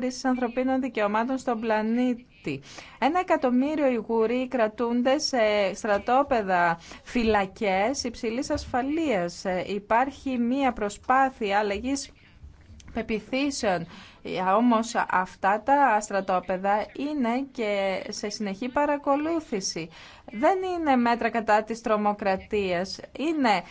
παραβίαση ανθρωπίνων δικαιωμάτων στον πλανήτη. Ένα εκατομμύριο Ιγουροί κρατούνται σε στρατόπεδα φυλακές υψηλής ασφαλείας. Ε, υπάρχει μία προσπάθεια αλλαγής πεπιθήσεων ε, όμως αυτά τα στρατόπεδα είναι και σε συνεχή παρακολούθηση. Δεν είναι μέτρα κατά της τρομοκρατίας. Είναι ε,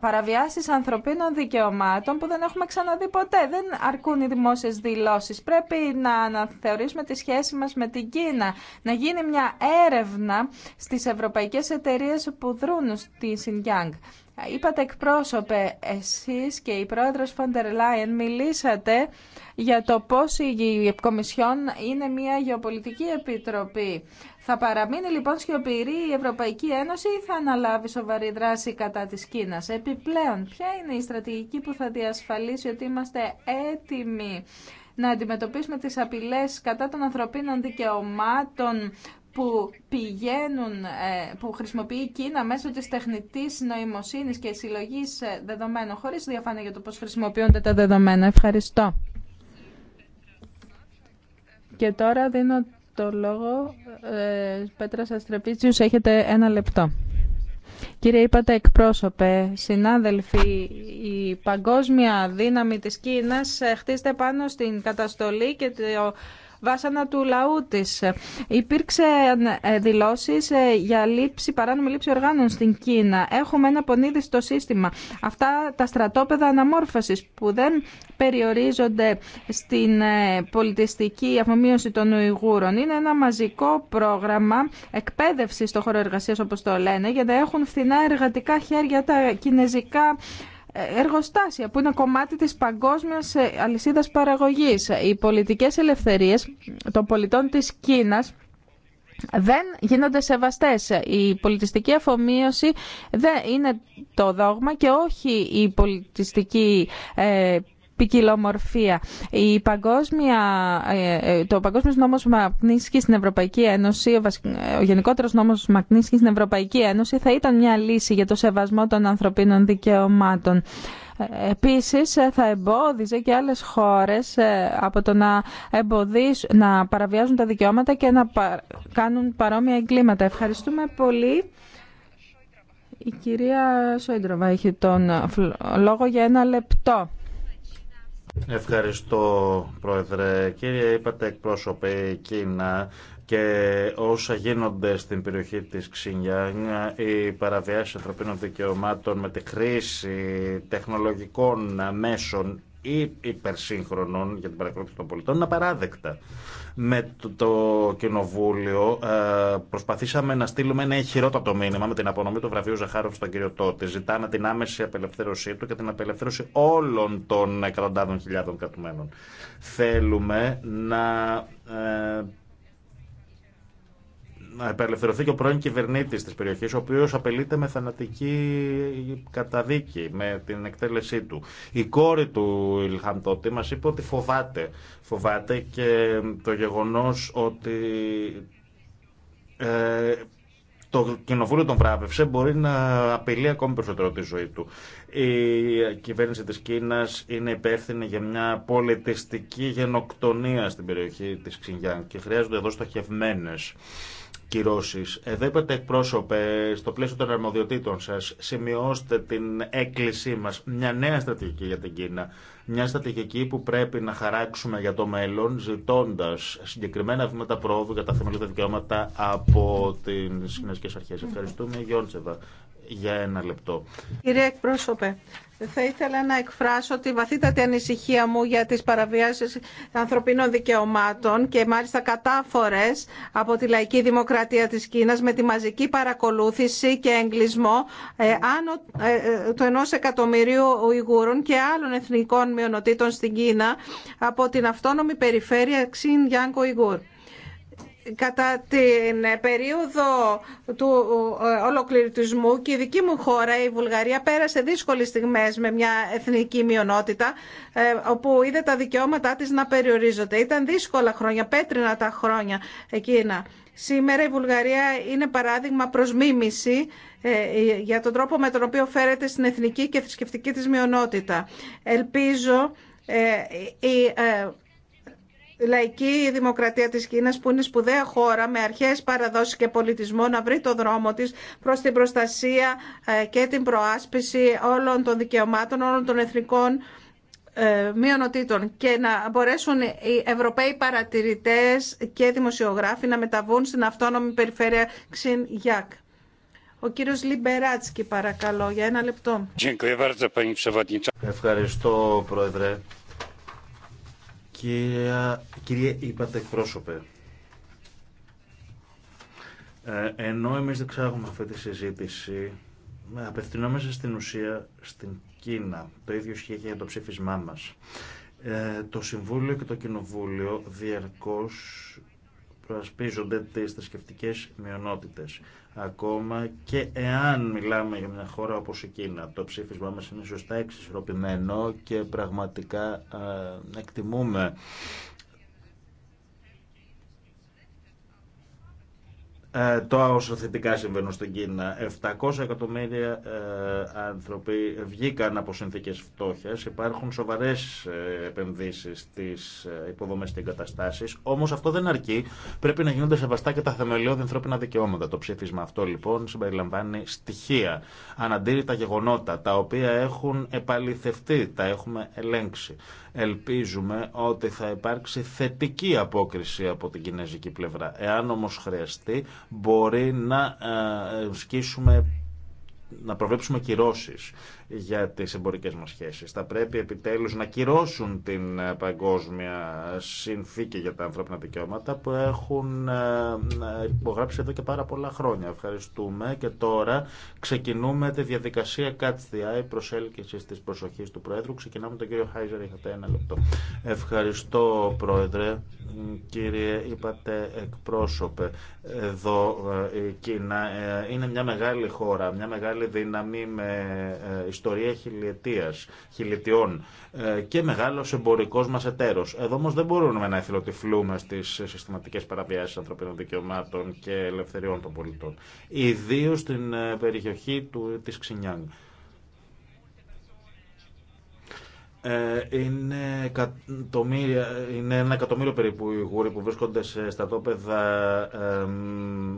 παραβιάσεις ανθρωπίνων δικαιωμάτων που δεν έχουμε ξαναδεί ποτέ. Δεν αρκούν οι δημόσιες δηλώσεις. Πρέπει να αναθεωρήσουμε τη σχέση μας με την Κίνα. Να γίνει μια έρευνα στις ευρωπαϊκές εταιρείες που δρούν στη Σινγκιάνγκ. Είπατε εκπρόσωπε, εσείς και η πρόεδρος Φοντερ Λάιεν μιλήσατε για το πώς η Κομισιόν είναι μια γεωπολιτική επιτροπή. Θα παραμείνει λοιπόν σιωπηρή η Ευρωπαϊκή Ένωση ή θα αναλάβει σοβαρή δράση κατά της Κίνας. Επιπλέον, ποια είναι η στρατηγική που θα διασφαλίσει ότι είμαστε έτοιμοι να αντιμετωπίσουμε τις απειλές κατά των ανθρωπίνων δικαιωμάτων που πηγαίνουν, ε, που χρησιμοποιεί η Κίνα μέσω της τεχνητής νοημοσύνης και συλλογής ε, δεδομένων, χωρίς διαφάνεια για το πώς χρησιμοποιούνται τα δεδομένα. Ευχαριστώ. Και τώρα δίνω το λόγο, ε, Πέτρα Αστρεπίτσιους, έχετε ένα λεπτό. Κύριε, είπατε εκπρόσωπε, συνάδελφοι, η παγκόσμια δύναμη της Κίνας ε, χτίζεται πάνω στην καταστολή και το βάσανα του λαού τη. Υπήρξε δηλώσει ε, για λήψη, παράνομη λήψη οργάνων στην Κίνα. Έχουμε ένα πονίδι στο σύστημα. Αυτά τα στρατόπεδα αναμόρφωσης που δεν περιορίζονται στην ε, πολιτιστική αφομοίωση των Ουιγούρων. Είναι ένα μαζικό πρόγραμμα εκπαίδευση στο χώρο εργασία, όπως το λένε για να έχουν φθηνά εργατικά χέρια τα κινέζικα εργοστάσια που είναι κομμάτι της παγκόσμιας ε, αλυσίδας παραγωγής. Οι πολιτικές ελευθερίες των πολιτών της Κίνας δεν γίνονται σεβαστές. Η πολιτιστική αφομοίωση δεν είναι το δόγμα και όχι η πολιτιστική ε, ποικιλομορφία. Η παγκόσμια, ε, ε, το Παγκόσμιο Νόμος Μακνίσκη στην Ευρωπαϊκή Ένωση, ο Γενικότερος Νόμος Μακνίσκη στην Ευρωπαϊκή Ένωση θα ήταν μια λύση για το σεβασμό των ανθρωπίνων δικαιωμάτων. Ε, επίσης θα εμπόδιζε και άλλες χώρες από το να, να παραβιάζουν τα δικαιώματα και να κάνουν παρόμοια εγκλήματα. Ευχαριστούμε πολύ. Η κυρία Σόιντροβα έχει τον λόγο για ένα λεπτό. Ευχαριστώ, Πρόεδρε. Κύριε, είπατε εκπρόσωπε, η Κίνα και όσα γίνονται στην περιοχή της Ξινιάνγκ, η παραβιάση ανθρωπίνων δικαιωμάτων με τη χρήση τεχνολογικών μέσων ή υπερσύγχρονων για την παρακολούθηση των πολιτών είναι απαράδεκτα. Με το, το Κοινοβούλιο ε, προσπαθήσαμε να στείλουμε ένα χειρότατο μήνυμα με την απονομή του βραβείου Ζαχάροφ στον κύριο Τότη. Ζητάμε την άμεση απελευθέρωσή του και την απελευθέρωση όλων των εκατοντάδων χιλιάδων κρατουμένων. Θέλουμε να ε, να απελευθερωθεί και ο πρώην κυβερνήτη τη περιοχή, ο οποίο απελείται με θανατική καταδίκη, με την εκτέλεσή του. Η κόρη του Ιλχάμ μα είπε ότι φοβάται. Φοβάται και το γεγονό ότι. Ε, το κοινοβούλιο τον βράβευσε, μπορεί να απειλεί ακόμη περισσότερο τη ζωή του. Η κυβέρνηση της Κίνας είναι υπεύθυνη για μια πολιτιστική γενοκτονία στην περιοχή της Ξινγιάν και χρειάζονται εδώ στοχευμένες κυρώσεις. είπατε εκπρόσωπε στο πλαίσιο των αρμοδιοτήτων σας σημειώστε την έκκλησή μας μια νέα στρατηγική για την Κίνα. Μια στρατηγική που πρέπει να χαράξουμε για το μέλλον ζητώντας συγκεκριμένα βήματα πρόοδου για τα θεμελιώδη δικαιώματα από τις κοινωνικές αρχές. Ευχαριστούμε Γιόντσεβα για ένα λεπτό. Κύριε εκπρόσωπε, θα ήθελα να εκφράσω τη βαθύτατη ανησυχία μου για τις παραβιάσεις ανθρωπίνων δικαιωμάτων και μάλιστα κατάφορες από τη λαϊκή δημοκρατία της Κίνας με τη μαζική παρακολούθηση και εγκλισμό ε, άνω ε, ε του ενός εκατομμυρίου Ουιγούρων και άλλων εθνικών μειονοτήτων στην Κίνα από την αυτόνομη περιφέρεια Ξιν Γιάνκο Ιγούρ κατά την περίοδο του ε, ολοκληρωτισμού και η δική μου χώρα, η Βουλγαρία, πέρασε δύσκολες στιγμές με μια εθνική μειονότητα ε, όπου είδε τα δικαιώματά της να περιορίζονται. Ήταν δύσκολα χρόνια, πέτρινα τα χρόνια εκείνα. Σήμερα η Βουλγαρία είναι παράδειγμα προς μίμηση ε, για τον τρόπο με τον οποίο φέρεται στην εθνική και θρησκευτική της μειονότητα. Ελπίζω η λαϊκή δημοκρατία της Κίνας που είναι σπουδαία χώρα με αρχές παραδόσεις και πολιτισμό να βρει το δρόμο της προς την προστασία ε, και την προάσπιση όλων των δικαιωμάτων, όλων των εθνικών ε, μειονοτήτων και να μπορέσουν οι Ευρωπαίοι παρατηρητές και δημοσιογράφοι να μεταβούν στην αυτόνομη περιφέρεια Ξιν Γιάκ. Ο κύριος Λιμπεράτσκι παρακαλώ για ένα λεπτό. Ευχαριστώ Πρόεδρε κύριε, είπατε εκπρόσωπε. Ε, ενώ εμείς ξέρουμε αυτή τη συζήτηση, απευθυνόμαστε στην ουσία στην Κίνα. Το ίδιο σχέδιο για το ψήφισμά μας. Ε, το Συμβούλιο και το Κοινοβούλιο διαρκώς προασπίζονται τις θρησκευτικέ μειονότητες. Ακόμα και εάν μιλάμε για μια χώρα όπως η Κίνα, το ψήφισμα μας είναι σωστά εξισορροπημένο και πραγματικά εκτιμούμε Ε, το όσο θετικά συμβαίνουν στην Κίνα. 700 εκατομμύρια ε, άνθρωποι βγήκαν από συνθήκε φτώχεια. Υπάρχουν σοβαρέ ε, επενδύσει στι υποδομέ και εγκαταστάσει. Όμω αυτό δεν αρκεί. Πρέπει να γίνονται σεβαστά και τα θεμελιώδη ανθρώπινα δικαιώματα. Το ψήφισμα αυτό λοιπόν συμπεριλαμβάνει στοιχεία. Αναντήρητα γεγονότα τα οποία έχουν επαληθευτεί, τα έχουμε ελέγξει. Ελπίζουμε ότι θα υπάρξει θετική απόκριση από την κινέζικη πλευρά. Εάν όμως χρειαστεί, μπορεί να ε, σκίσουμε να προβλέψουμε κυρώσεις για τις εμπορικές μας σχέσεις. Θα πρέπει επιτέλους να κυρώσουν την ε, παγκόσμια συνθήκη για τα ανθρώπινα δικαιώματα που έχουν ε, ε, υπογράψει εδώ και πάρα πολλά χρόνια. Ευχαριστούμε και τώρα ξεκινούμε τη διαδικασία Catch the Eye προσέλκυσης της προσοχής του Πρόεδρου. Ξεκινάμε τον κύριο Χάιζερ, είχατε ένα λεπτό. Ευχαριστώ Πρόεδρε. Κύριε, είπατε εκπρόσωπε, εδώ η Κίνα είναι μια μεγάλη χώρα, μια μεγάλη δύναμη με ιστορία ιστορία χιλιετίας, χιλιετιών ε, και μεγάλος εμπορικός μας εταίρος. Εδώ όμως δεν μπορούμε να εθελοτυφλούμε στις συστηματικές παραβιάσεις ανθρωπίνων δικαιωμάτων και ελευθεριών των πολιτών. Ιδίως στην ε, περιοχή του, της Ξινιάνγκ. Ε, είναι, είναι ένα εκατομμύριο περίπου οι που βρίσκονται σε στρατόπεδα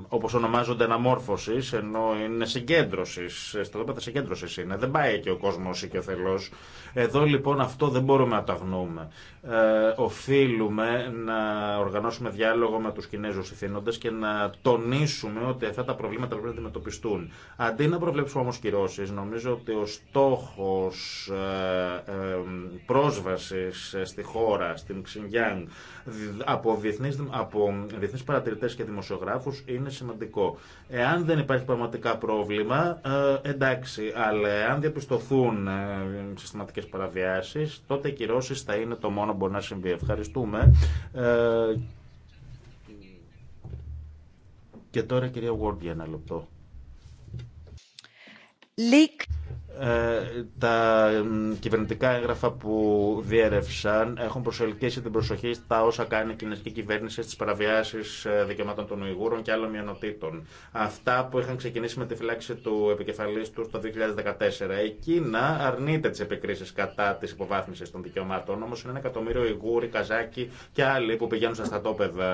όπως ονομάζονται αναμόρφωσης ενώ είναι συγκέντρωσης, Στατόπεδα συγκέντρωσης είναι. Δεν πάει και ο κόσμος ή και ο θελός. Εδώ λοιπόν αυτό δεν μπορούμε να τα αγνοούμε. Ε, οφείλουμε να οργανώσουμε διάλογο με τους Κινέζους ηθήνοντες και να τονίσουμε ότι αυτά τα προβλήματα πρέπει να αντιμετωπιστούν. Αντί να προβλέψουμε όμως κυρώσεις, νομίζω ότι ο στόχος ε, ε, πρόσβασης στη χώρα, στην Ξινγκιάν, από διεθνείς, από διεθνείς παρατηρητές και δημοσιογράφους είναι σημαντικό. Εάν δεν υπάρχει πραγματικά πρόβλημα, εντάξει, αλλά αν διαπιστωθούν συστηματικές παραβιάσεις, τότε οι κυρώσεις θα είναι το μόνο μπορεί να συμβεί. Ευχαριστούμε. Ε, και τώρα κυρία Γουόρντ για ένα λεπτό. Ε, τα κυβερνητικά έγγραφα που διέρευσαν έχουν προσελκύσει την προσοχή στα όσα κάνει η κοινωνική κυβέρνηση στι παραβιάσει ε, δικαιωμάτων των Ιγούρων και άλλων μειονοτήτων. Αυτά που είχαν ξεκινήσει με τη φυλάξη του επικεφαλή του το 2014. Η Κίνα αρνείται τι επικρίσει κατά τη υποβάθμιση των δικαιωμάτων, όμω είναι ένα εκατομμύριο Ουιγούροι, Καζάκοι και άλλοι που πηγαίνουν στα στατόπεδα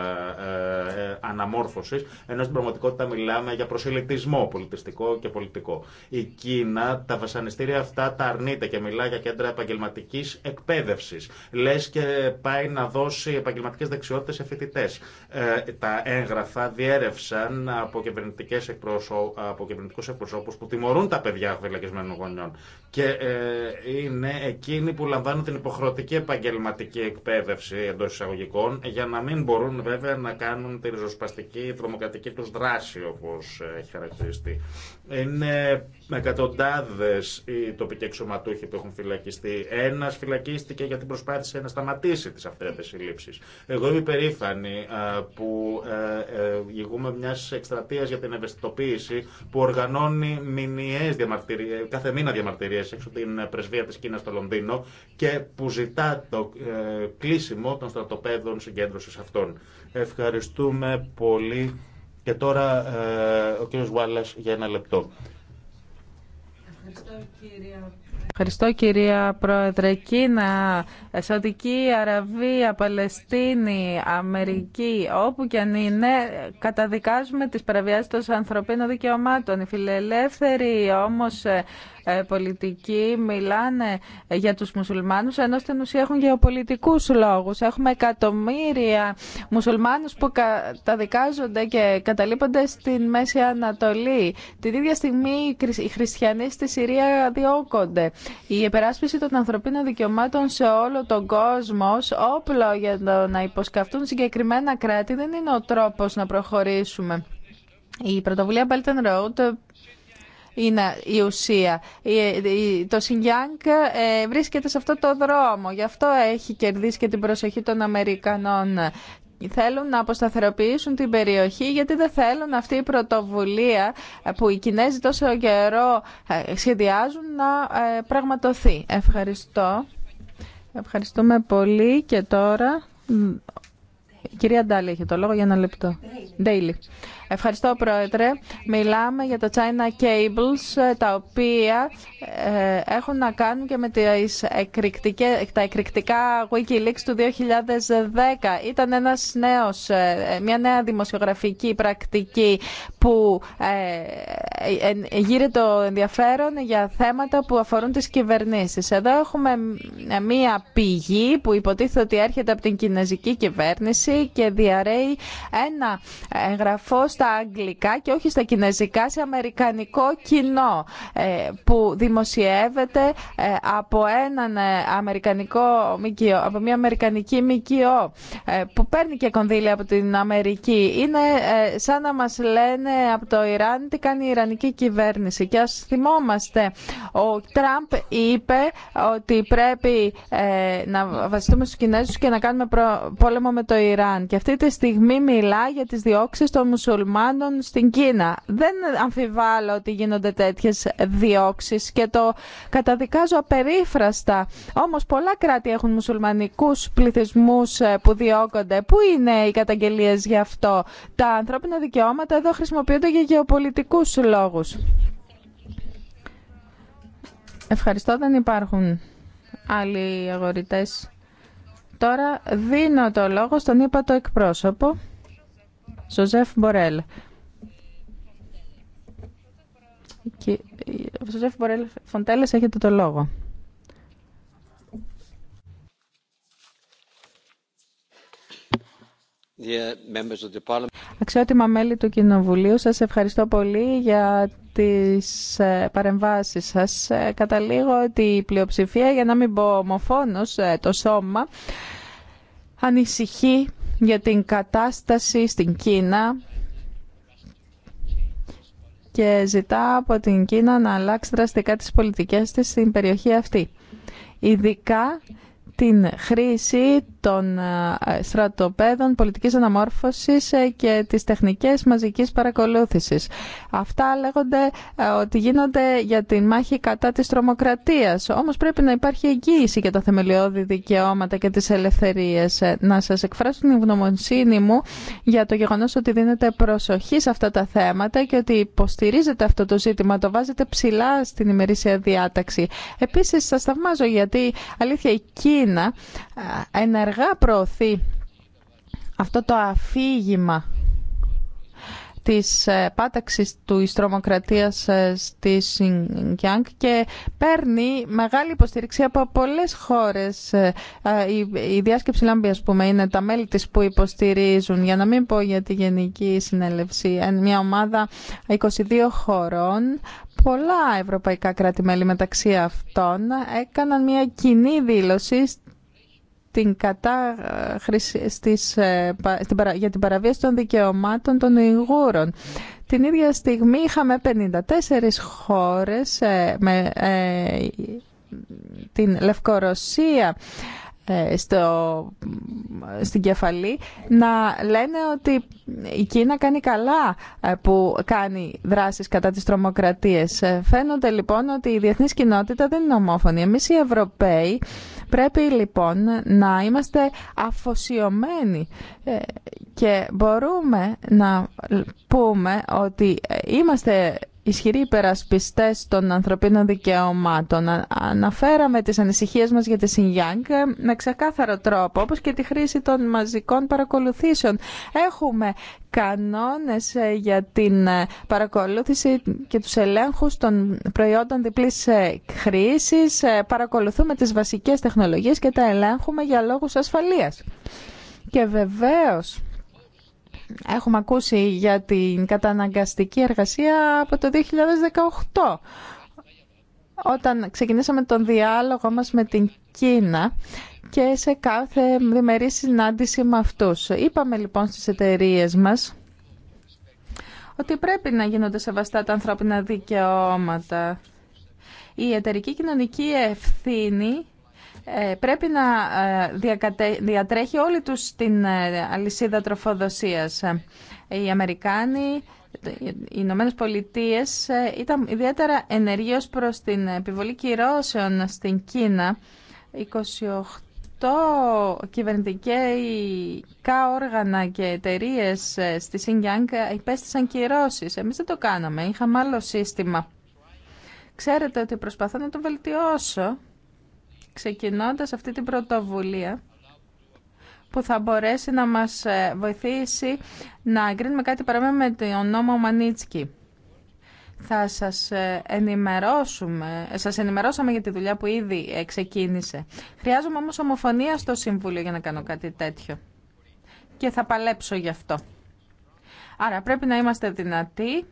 ε, αναμόρφωση, ενώ στην πραγματικότητα μιλάμε για προσελητισμό πολιτιστικό και πολιτικό. Η Κίνα τα βασανιστήρια αυτά τα αρνείται και μιλά για κέντρα επαγγελματική εκπαίδευση. Λε και πάει να δώσει επαγγελματικέ δεξιότητε σε φοιτητέ. Ε, τα έγγραφα διέρευσαν από, από κυβερνητικού εκπροσώπου που τιμωρούν τα παιδιά φυλακισμένων γονιών και ε, είναι εκείνοι που λαμβάνουν την υποχρεωτική επαγγελματική εκπαίδευση εντό εισαγωγικών για να μην μπορούν βέβαια να κάνουν τη ριζοσπαστική τρομοκρατική τους δράση όπως έχει χαρακτηριστεί. Είναι εκατοντάδε οι τοπικοί εξωματούχοι που έχουν φυλακιστεί. Ένα φυλακίστηκε γιατί προσπάθησε να σταματήσει τι αυθαίρετε συλλήψει. Εγώ είμαι υπερήφανη που ε, ε, ηγούμε μια εκστρατεία για την ευαισθητοποίηση που οργανώνει μηνιαίε διαμαρτυρίε, κάθε μήνα διαμαρτυρίε διαμαρτυρίες έξω την ε, πρεσβεία της Κίνας στο Λονδίνο και που ζητά το ε, κλείσιμο των στρατοπέδων συγκέντρωσης αυτών. Ευχαριστούμε πολύ. Και τώρα ε, ο κύριος Βουάλλας για ένα λεπτό. Ευχαριστώ κύριε Ευχαριστώ κυρία Πρόεδρε. Κίνα, Σαουδική Αραβία, Παλαιστίνη, Αμερική, όπου και αν είναι, καταδικάζουμε τις παραβιάσεις των ανθρωπίνων δικαιωμάτων. Οι φιλελεύθεροι όμως ε, ε, πολιτικοί μιλάνε για τους μουσουλμάνους ενώ στην ουσία έχουν γεωπολιτικούς λόγους. Έχουμε εκατομμύρια μουσουλμάνους που καταδικάζονται και καταλείπονται στην Μέση Ανατολή. Την ίδια στιγμή οι χριστιανοί στη Συρία διώκονται. Η υπεράσπιση των ανθρωπίνων δικαιωμάτων σε όλο τον κόσμο ως όπλο για το να υποσκαφτούν συγκεκριμένα κράτη δεν είναι ο τρόπος να προχωρήσουμε. Η πρωτοβουλία Belt and Road είναι η ουσία. Το Σινγκιάνγκ ε, βρίσκεται σε αυτό το δρόμο. Γι' αυτό έχει κερδίσει και την προσοχή των Αμερικανών θέλουν να αποσταθεροποιήσουν την περιοχή γιατί δεν θέλουν αυτή η πρωτοβουλία που οι Κινέζοι τόσο καιρό ε, σχεδιάζουν να ε, πραγματοθεί. Ευχαριστώ. Ευχαριστούμε πολύ και τώρα η κυρία Ντάλη έχει το λόγο για ένα λεπτό. Daily. Ευχαριστώ, Πρόεδρε. Μιλάμε για το China Cables, τα οποία ε, έχουν να κάνουν και με τις τα εκρηκτικά Wikileaks του 2010. Ήταν ένας νέος, ε, μια νέα δημοσιογραφική πρακτική που ε, γύρει το ενδιαφέρον για θέματα που αφορούν τις κυβερνήσεις. Εδώ έχουμε μια πηγή που υποτίθεται ότι έρχεται από την κινέζικη κυβέρνηση και διαρρέει ένα εγγραφό στα αγγλικά και όχι στα κινέζικα, σε αμερικανικό κοινό ε, που δημοσιεύεται ε, από έναν ε, αμερικανικό μικιό, από μια αμερικανική μικιό που παίρνει και κονδύλια από την Αμερική. Είναι σαν να μας λένε από το Ιράν τι κάνει η Ιρανική κυβέρνηση. Και ας θυμόμαστε, ο Τραμπ είπε ότι πρέπει να βασιστούμε στους Κινέζους και να κάνουμε πόλεμο με το Ιράν. Και αυτή τη στιγμή μιλά για τις διώξεις των μουσουλμάνων στην Κίνα. Δεν αμφιβάλλω ότι γίνονται τέτοιες διώξεις και το καταδικάζω απερίφραστα. Όμως πολλά κράτη έχουν μουσουλμανικούς πληθυσμούς ε, που διώκονται. Πού είναι οι καταγγελίες γι' αυτό. Τα ανθρώπινα δικαιώματα εδώ χρησιμοποιούνται για γεωπολιτικούς λόγους. Ευχαριστώ, δεν υπάρχουν άλλοι αγορητές. Τώρα δίνω το λόγο στον είπα το εκπρόσωπο. Ζωζεφ Μπορέλ. Ε, Ζωζεφ Μπορέλ Φοντέλες, έχετε το λόγο. Αξιότιμα μέλη του Κοινοβουλίου, σας ευχαριστώ πολύ για τις ε, παρεμβάσεις σας. Ε, καταλήγω ότι η πλειοψηφία, για να μην πω ομοφόνος, το σώμα ανησυχεί για την κατάσταση στην Κίνα και ζητά από την Κίνα να αλλάξει δραστικά τις πολιτικές της στην περιοχή αυτή. Ειδικά την χρήση των ε, στρατοπέδων πολιτικής αναμόρφωσης ε, και τις τεχνικές μαζικής παρακολούθησης. Αυτά λέγονται ε, ότι γίνονται για τη μάχη κατά της τρομοκρατίας. Όμως πρέπει να υπάρχει εγγύηση για τα θεμελιώδη δικαιώματα και τις ελευθερίες. Να σας εκφράσω την ευγνωμοσύνη μου για το γεγονός ότι δίνετε προσοχή σε αυτά τα θέματα και ότι υποστηρίζετε αυτό το ζήτημα, το βάζετε ψηλά στην ημερήσια διάταξη. Επίσης, σας θαυμάζω γιατί αλήθεια η ε, ενεργά προωθεί αυτό το αφήγημα της ε, πάταξης του ιστρομοκρατίας ε, στη Σινγκιάνγκ και παίρνει μεγάλη υποστήριξη από πολλές χώρες. Η διάσκεψη Λάμπη, ας πούμε, είναι τα μέλη της που υποστηρίζουν, για να μην πω για τη Γενική Συνέλευση, μια ομάδα 22 χωρών πολλά ευρωπαϊκά κράτη-μέλη μεταξύ αυτών έκαναν μια κοινή δήλωση την στις, ε, για την παραβίαση των δικαιωμάτων των Ιγούρων. Την ίδια στιγμή είχαμε 54 χώρες ε, με ε, την Λευκορωσία στο, στην κεφαλή να λένε ότι η Κίνα κάνει καλά που κάνει δράσεις κατά της τρομοκρατίας. Φαίνονται λοιπόν ότι η διεθνής κοινότητα δεν είναι ομόφωνη. Εμείς οι Ευρωπαίοι Πρέπει λοιπόν να είμαστε αφοσιωμένοι ε, και μπορούμε να πούμε ότι ε, είμαστε ισχυροί υπερασπιστές των ανθρωπίνων δικαιωμάτων. Αναφέραμε τις ανησυχίες μας για τη Σινγιάνγκ με ξεκάθαρο τρόπο, όπως και τη χρήση των μαζικών παρακολουθήσεων. Έχουμε κανόνες ε, για την ε, παρακολούθηση και τους ελέγχους των προϊόντων διπλής ε, χρήσης. Παρακολουθούμε τις βασικές τεχνολογίες και τα ελέγχουμε για λόγους ασφαλείας. Και βεβαίως έχουμε ακούσει για την καταναγκαστική εργασία από το 2018. Όταν ξεκινήσαμε τον διάλογο μας με την Κίνα και σε κάθε διμερή συνάντηση με αυτούς. Είπαμε λοιπόν στις εταιρείε μας ότι πρέπει να γίνονται σεβαστά τα ανθρώπινα δικαιώματα. Η εταιρική κοινωνική ευθύνη ε, πρέπει να ε, διατρέχει όλη τους την ε, αλυσίδα τροφοδοσίας. Οι Αμερικάνοι, οι Ηνωμένε Πολιτείε ήταν ιδιαίτερα ως προς την επιβολή κυρώσεων στην Κίνα. 28 κυβερνητικά όργανα και εταιρείε στη Σινγκιάνγκ υπέστησαν κυρώσεις. Εμείς δεν το κάναμε, είχαμε άλλο σύστημα. Ξέρετε ότι προσπαθώ να το βελτιώσω ξεκινώντας αυτή την πρωτοβουλία που θα μπορέσει να μας ε, βοηθήσει να εγκρίνουμε κάτι παρόμοιο με τον νόμο Μανίτσκι. Θα σας ε, ενημερώσουμε, ε, σας ενημερώσαμε για τη δουλειά που ήδη ξεκίνησε. Χρειάζομαι όμως ομοφωνία στο Συμβούλιο για να κάνω κάτι τέτοιο. Και θα παλέψω γι' αυτό. Άρα πρέπει να είμαστε δυνατοί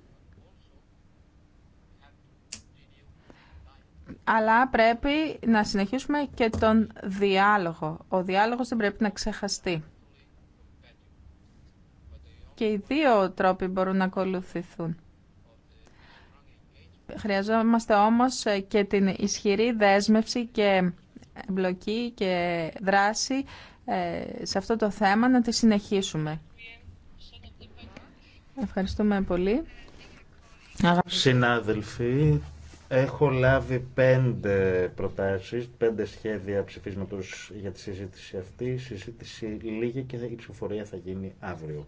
αλλά πρέπει να συνεχίσουμε και τον διάλογο. Ο διάλογος δεν πρέπει να ξεχαστεί. Και οι δύο τρόποι μπορούν να ακολουθηθούν. Χρειαζόμαστε όμως και την ισχυρή δέσμευση και εμπλοκή και δράση ε, σε αυτό το θέμα να τη συνεχίσουμε. Ευχαριστούμε πολύ. Συνάδελφοι, Έχω λάβει πέντε προτάσεις, πέντε σχέδια ψηφίσματος για τη συζήτηση αυτή. Η συζήτηση λίγη και η ψηφοφορία θα γίνει αύριο.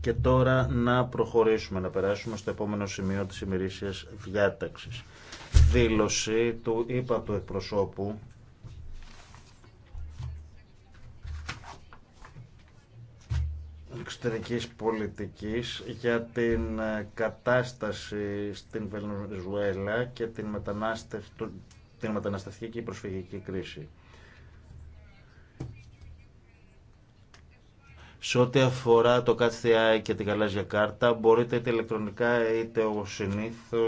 Και τώρα να προχωρήσουμε, να περάσουμε στο επόμενο σημείο της ημερήσιας διάταξης. Δήλωση του του εκπροσώπου εξωτερικής πολιτικής για την ε, κατάσταση στην Βενεζουέλα και την, μετανάστευ... την μεταναστευτική και προσφυγική κρίση. Σε ό,τι αφορά το AI και την γαλάζια κάρτα, μπορείτε είτε ηλεκτρονικά είτε ο συνήθω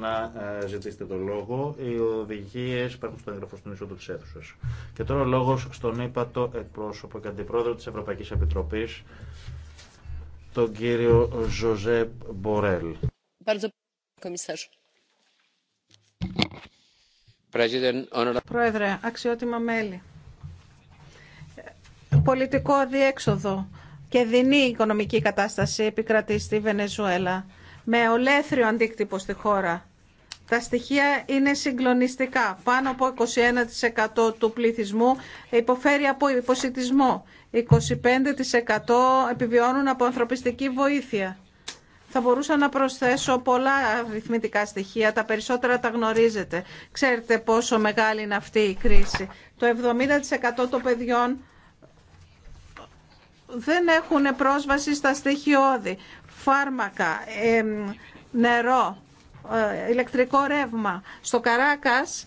να ε, ζητήσετε το λόγο. Οι οδηγίες υπάρχουν στο έγγραφο στην του της αίθουσας. Και τώρα ο λόγο στον ύπατο εκπρόσωπο και αντιπρόεδρο τη Ευρωπαϊκή Επιτροπή, τον κύριο Ζωζέ Μπορέλ. Πρόεδρε, αξιότιμα μέλη πολιτικό αδιέξοδο και δεινή οικονομική κατάσταση επικρατεί στη Βενεζουέλα με ολέθριο αντίκτυπο στη χώρα. Τα στοιχεία είναι συγκλονιστικά. Πάνω από 21% του πληθυσμού υποφέρει από υποσυτισμό. 25% επιβιώνουν από ανθρωπιστική βοήθεια. Θα μπορούσα να προσθέσω πολλά αριθμητικά στοιχεία, τα περισσότερα τα γνωρίζετε. Ξέρετε πόσο μεγάλη είναι αυτή η κρίση. Το 70% των παιδιών δεν έχουν πρόσβαση στα στοιχειώδη, φάρμακα, νερό, ε, ηλεκτρικό ρεύμα. Στο Καράκας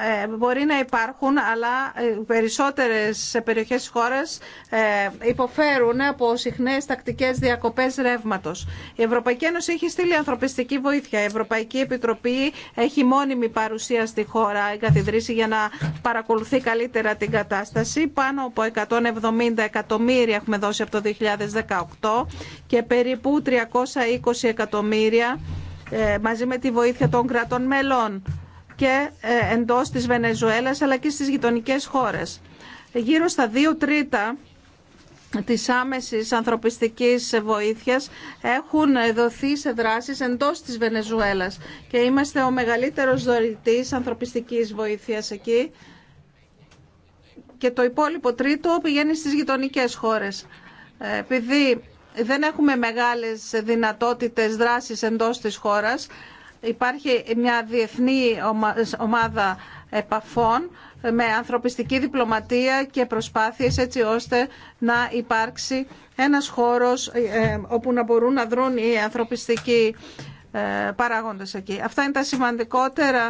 ε, μπορεί να υπάρχουν, αλλά ε, περισσότερες περιοχές της χώρας ε, υποφέρουν από συχνές τακτικές διακοπές ρεύματος. Η Ευρωπαϊκή Ένωση έχει στείλει ανθρωπιστική βοήθεια. Η Ευρωπαϊκή Επιτροπή έχει μόνιμη παρουσία στη χώρα εγκαθιδρύσει για να παρακολουθεί καλύτερα την κατάσταση. Πάνω από 170 εκατομμύρια έχουμε δώσει από το 2018 και περίπου 320 εκατομμύρια μαζί με τη βοήθεια των κρατών μελών και ε, εντός της Βενεζουέλας αλλά και στις γειτονικές χώρες. Γύρω στα δύο τρίτα της άμεσης ανθρωπιστικής βοήθειας έχουν δοθεί σε δράσεις εντός της Βενεζουέλας και είμαστε ο μεγαλύτερος δωρητής ανθρωπιστικής βοήθειας εκεί και το υπόλοιπο τρίτο πηγαίνει στις γειτονικές χώρες. Ε, επειδή δεν έχουμε μεγάλες δυνατότητες δράσης εντός της χώρας, Υπάρχει μια διεθνή ομάδα επαφών με ανθρωπιστική διπλωματία και προσπάθειες έτσι ώστε να υπάρξει ένας χώρος ε, όπου να μπορούν να δρουν οι ανθρωπιστικοί ε, παράγοντες εκεί. Αυτά είναι τα σημαντικότερα,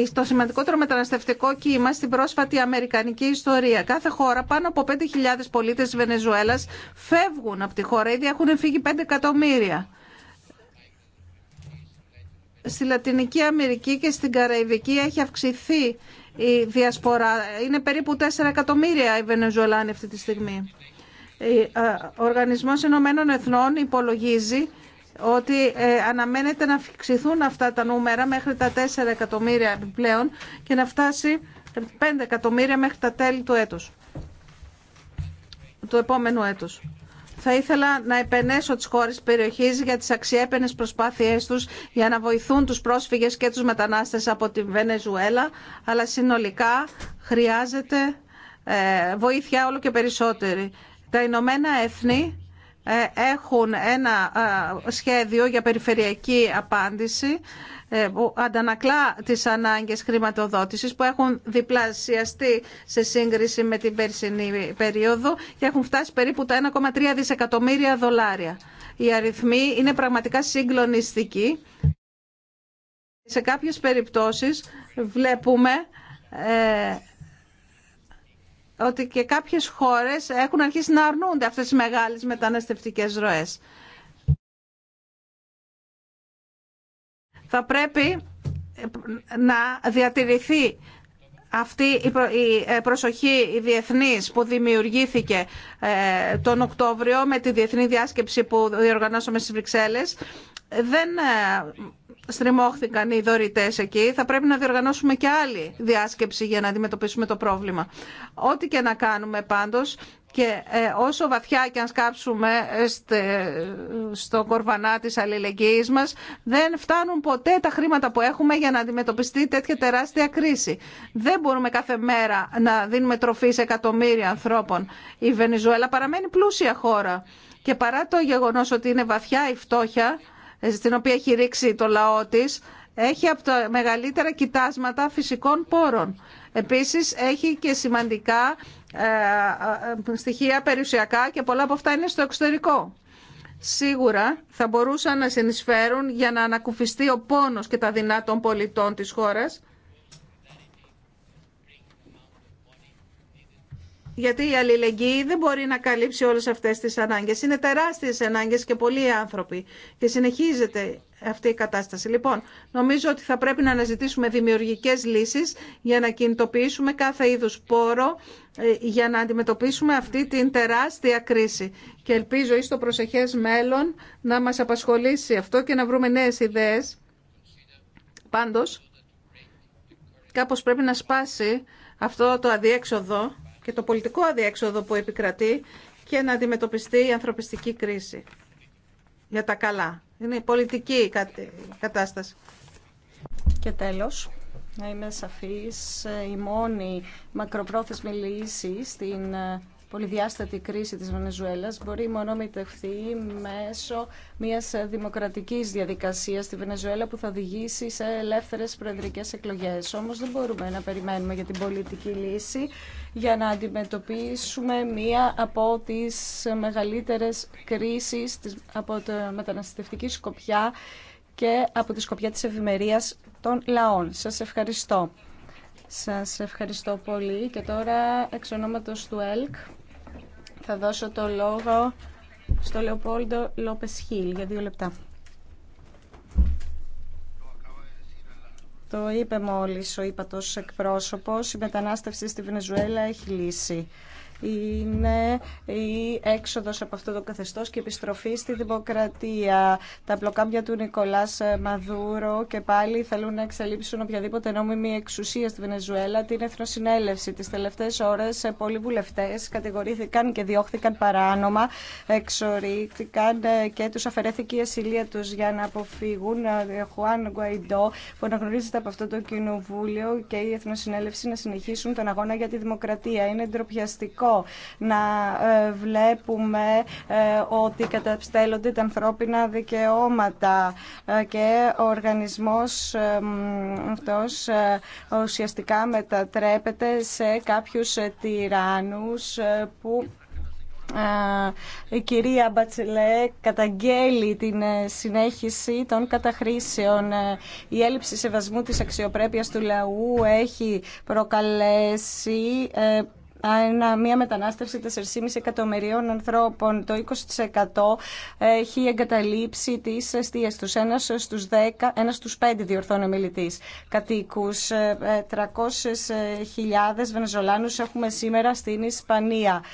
ε, το σημαντικότερο μεταναστευτικό κύμα στην πρόσφατη αμερικανική ιστορία. Κάθε χώρα, πάνω από 5.000 πολίτες της Βενεζουέλας φεύγουν από τη χώρα, ήδη έχουν φύγει 5 εκατομμύρια. Στη Λατινική Αμερική και στην Καραϊβική έχει αυξηθεί η διασπορά. Είναι περίπου 4 εκατομμύρια οι Βενεζουελάνοι αυτή τη στιγμή. Ε, ο Οργανισμός Ηνωμένων Εθνών υπολογίζει ότι ε, αναμένεται να αυξηθούν αυτά τα νούμερα μέχρι τα 4 εκατομμύρια επιπλέον και να φτάσει 5 εκατομμύρια μέχρι τα τέλη του έτους, του επόμενου έτους. Θα ήθελα να επενέσω τις χώρες της περιοχής για τις αξιέπαινες προσπάθειές τους για να βοηθούν τους πρόσφυγες και τους μετανάστες από τη Βενεζουέλα, αλλά συνολικά χρειάζεται ε, βοήθεια όλο και περισσότερη. Τα Ηνωμένα Έθνη ε, έχουν ένα ε, σχέδιο για περιφερειακή απάντηση ε, που αντανακλά τις ανάγκες χρηματοδότησης που έχουν διπλασιαστεί σε σύγκριση με την περσινή περίοδο και έχουν φτάσει περίπου τα 1,3 δισεκατομμύρια δολάρια. Οι αριθμοί είναι πραγματικά συγκλονιστικοί. Σε κάποιες περιπτώσεις βλέπουμε ε, ότι και κάποιες χώρες έχουν αρχίσει να αρνούνται αυτές τις μεγάλες μεταναστευτικές ροές. θα πρέπει ε, να διατηρηθεί αυτή η ε, προσοχή η διεθνής που δημιουργήθηκε ε, τον Οκτώβριο με τη διεθνή διάσκεψη που διοργανώσαμε στις Βρυξέλλες δεν στριμώχθηκαν οι δωρητέ εκεί. Θα πρέπει να διοργανώσουμε και άλλη διάσκεψη για να αντιμετωπίσουμε το πρόβλημα. Ό,τι και να κάνουμε πάντω, και ε, όσο βαθιά και αν σκάψουμε ε, στο κορβανά της αλληλεγγύης μας, δεν φτάνουν ποτέ τα χρήματα που έχουμε για να αντιμετωπιστεί τέτοια τεράστια κρίση. Δεν μπορούμε κάθε μέρα να δίνουμε τροφή σε εκατομμύρια ανθρώπων. Η Βενιζουέλα παραμένει πλούσια χώρα. Και παρά το γεγονός ότι είναι βαθιά η φτώχεια, ε, στην οποία έχει ρίξει το λαό της, έχει από τα μεγαλύτερα κοιτάσματα φυσικών πόρων. Επίσης έχει και σημαντικά ε, ε, στοιχεία περιουσιακά και πολλά από αυτά είναι στο εξωτερικό. Σίγουρα θα μπορούσαν να συνεισφέρουν για να ανακουφιστεί ο πόνος και τα δυνά των πολιτών της χώρας Γιατί η αλληλεγγύη δεν μπορεί να καλύψει όλες αυτές τις ανάγκες. Είναι τεράστιες ανάγκες και πολλοί άνθρωποι. Και συνεχίζεται αυτή η κατάσταση. Λοιπόν, νομίζω ότι θα πρέπει να αναζητήσουμε δημιουργικές λύσεις για να κινητοποιήσουμε κάθε είδους πόρο ε, για να αντιμετωπίσουμε αυτή την τεράστια κρίση. Και ελπίζω ή στο προσεχές μέλλον να μας απασχολήσει αυτό και να βρούμε νέες ιδέες. Πάντως, κάπως πρέπει να σπάσει αυτό το αδιέξοδο και το πολιτικό αδιέξοδο που επικρατεί και να αντιμετωπιστεί η ανθρωπιστική κρίση. Για τα καλά. Είναι η πολιτική κατάσταση. Και τέλος, να είμαι σαφής, η μόνη μακροπρόθεσμη λύση στην ε, πολυδιάστατη κρίση της Βενεζουέλας μπορεί μόνο μετευθεί μέσω μιας ε, δημοκρατικής διαδικασίας στη Βενεζουέλα που θα οδηγήσει σε ελεύθερες προεδρικές εκλογές. Όμως δεν μπορούμε να περιμένουμε για την πολιτική λύση για να αντιμετωπίσουμε μία από τις μεγαλύτερες κρίσεις από τη μεταναστευτική σκοπιά και από τη σκοπιά της ευημερία των λαών. Σας ευχαριστώ. Σας ευχαριστώ πολύ και τώρα εξ ονόματος του ΕΛΚ θα δώσω το λόγο στο Λεοπόλντο Λόπες Χίλ για δύο λεπτά. Το είπε μόλις ο ύπατος εκπρόσωπος, η μετανάστευση στη Βενεζουέλα έχει λύσει είναι η έξοδος από αυτό το καθεστώς και η επιστροφή στη δημοκρατία. Τα μπλοκάμπια του Νικολάς Μαδούρο και πάλι θέλουν να εξαλείψουν οποιαδήποτε νόμιμη εξουσία στη Βενεζουέλα, την Εθνοσυνέλευση. Τις τελευταίες ώρες ε, πολλοί βουλευτέ κατηγορήθηκαν και διώχθηκαν παράνομα, εξορίχθηκαν ε, και τους αφαιρέθηκε η ασυλία τους για να αποφύγουν ε, Χουάν Γκουαϊντό που αναγνωρίζεται από αυτό το κοινοβούλιο και η Εθνοσυνέλευση να συνεχίσουν τον αγώνα για τη δημοκρατία. Είναι ντροπιαστικό να ε, βλέπουμε ε, ότι καταστέλλονται τα ανθρώπινα δικαιώματα ε, και ο οργανισμός αυτός ουσιαστικά μετατρέπεται σε κάποιους τυράννους που η κυρία Μπατσελέ καταγγέλει την συνέχιση των καταχρήσεων. Η έλλειψη σεβασμού της αξιοπρέπειας του λαού έχει προκαλέσει μια μετανάστευση 4,5 εκατομμυρίων ανθρώπων. Το 20% έχει εγκαταλείψει τις αιστείε του Ένα στους 10, ένα στους 5 διορθώνει ο κατοίκου. 300.000 Βενεζολάνου έχουμε σήμερα στην Ισπανία.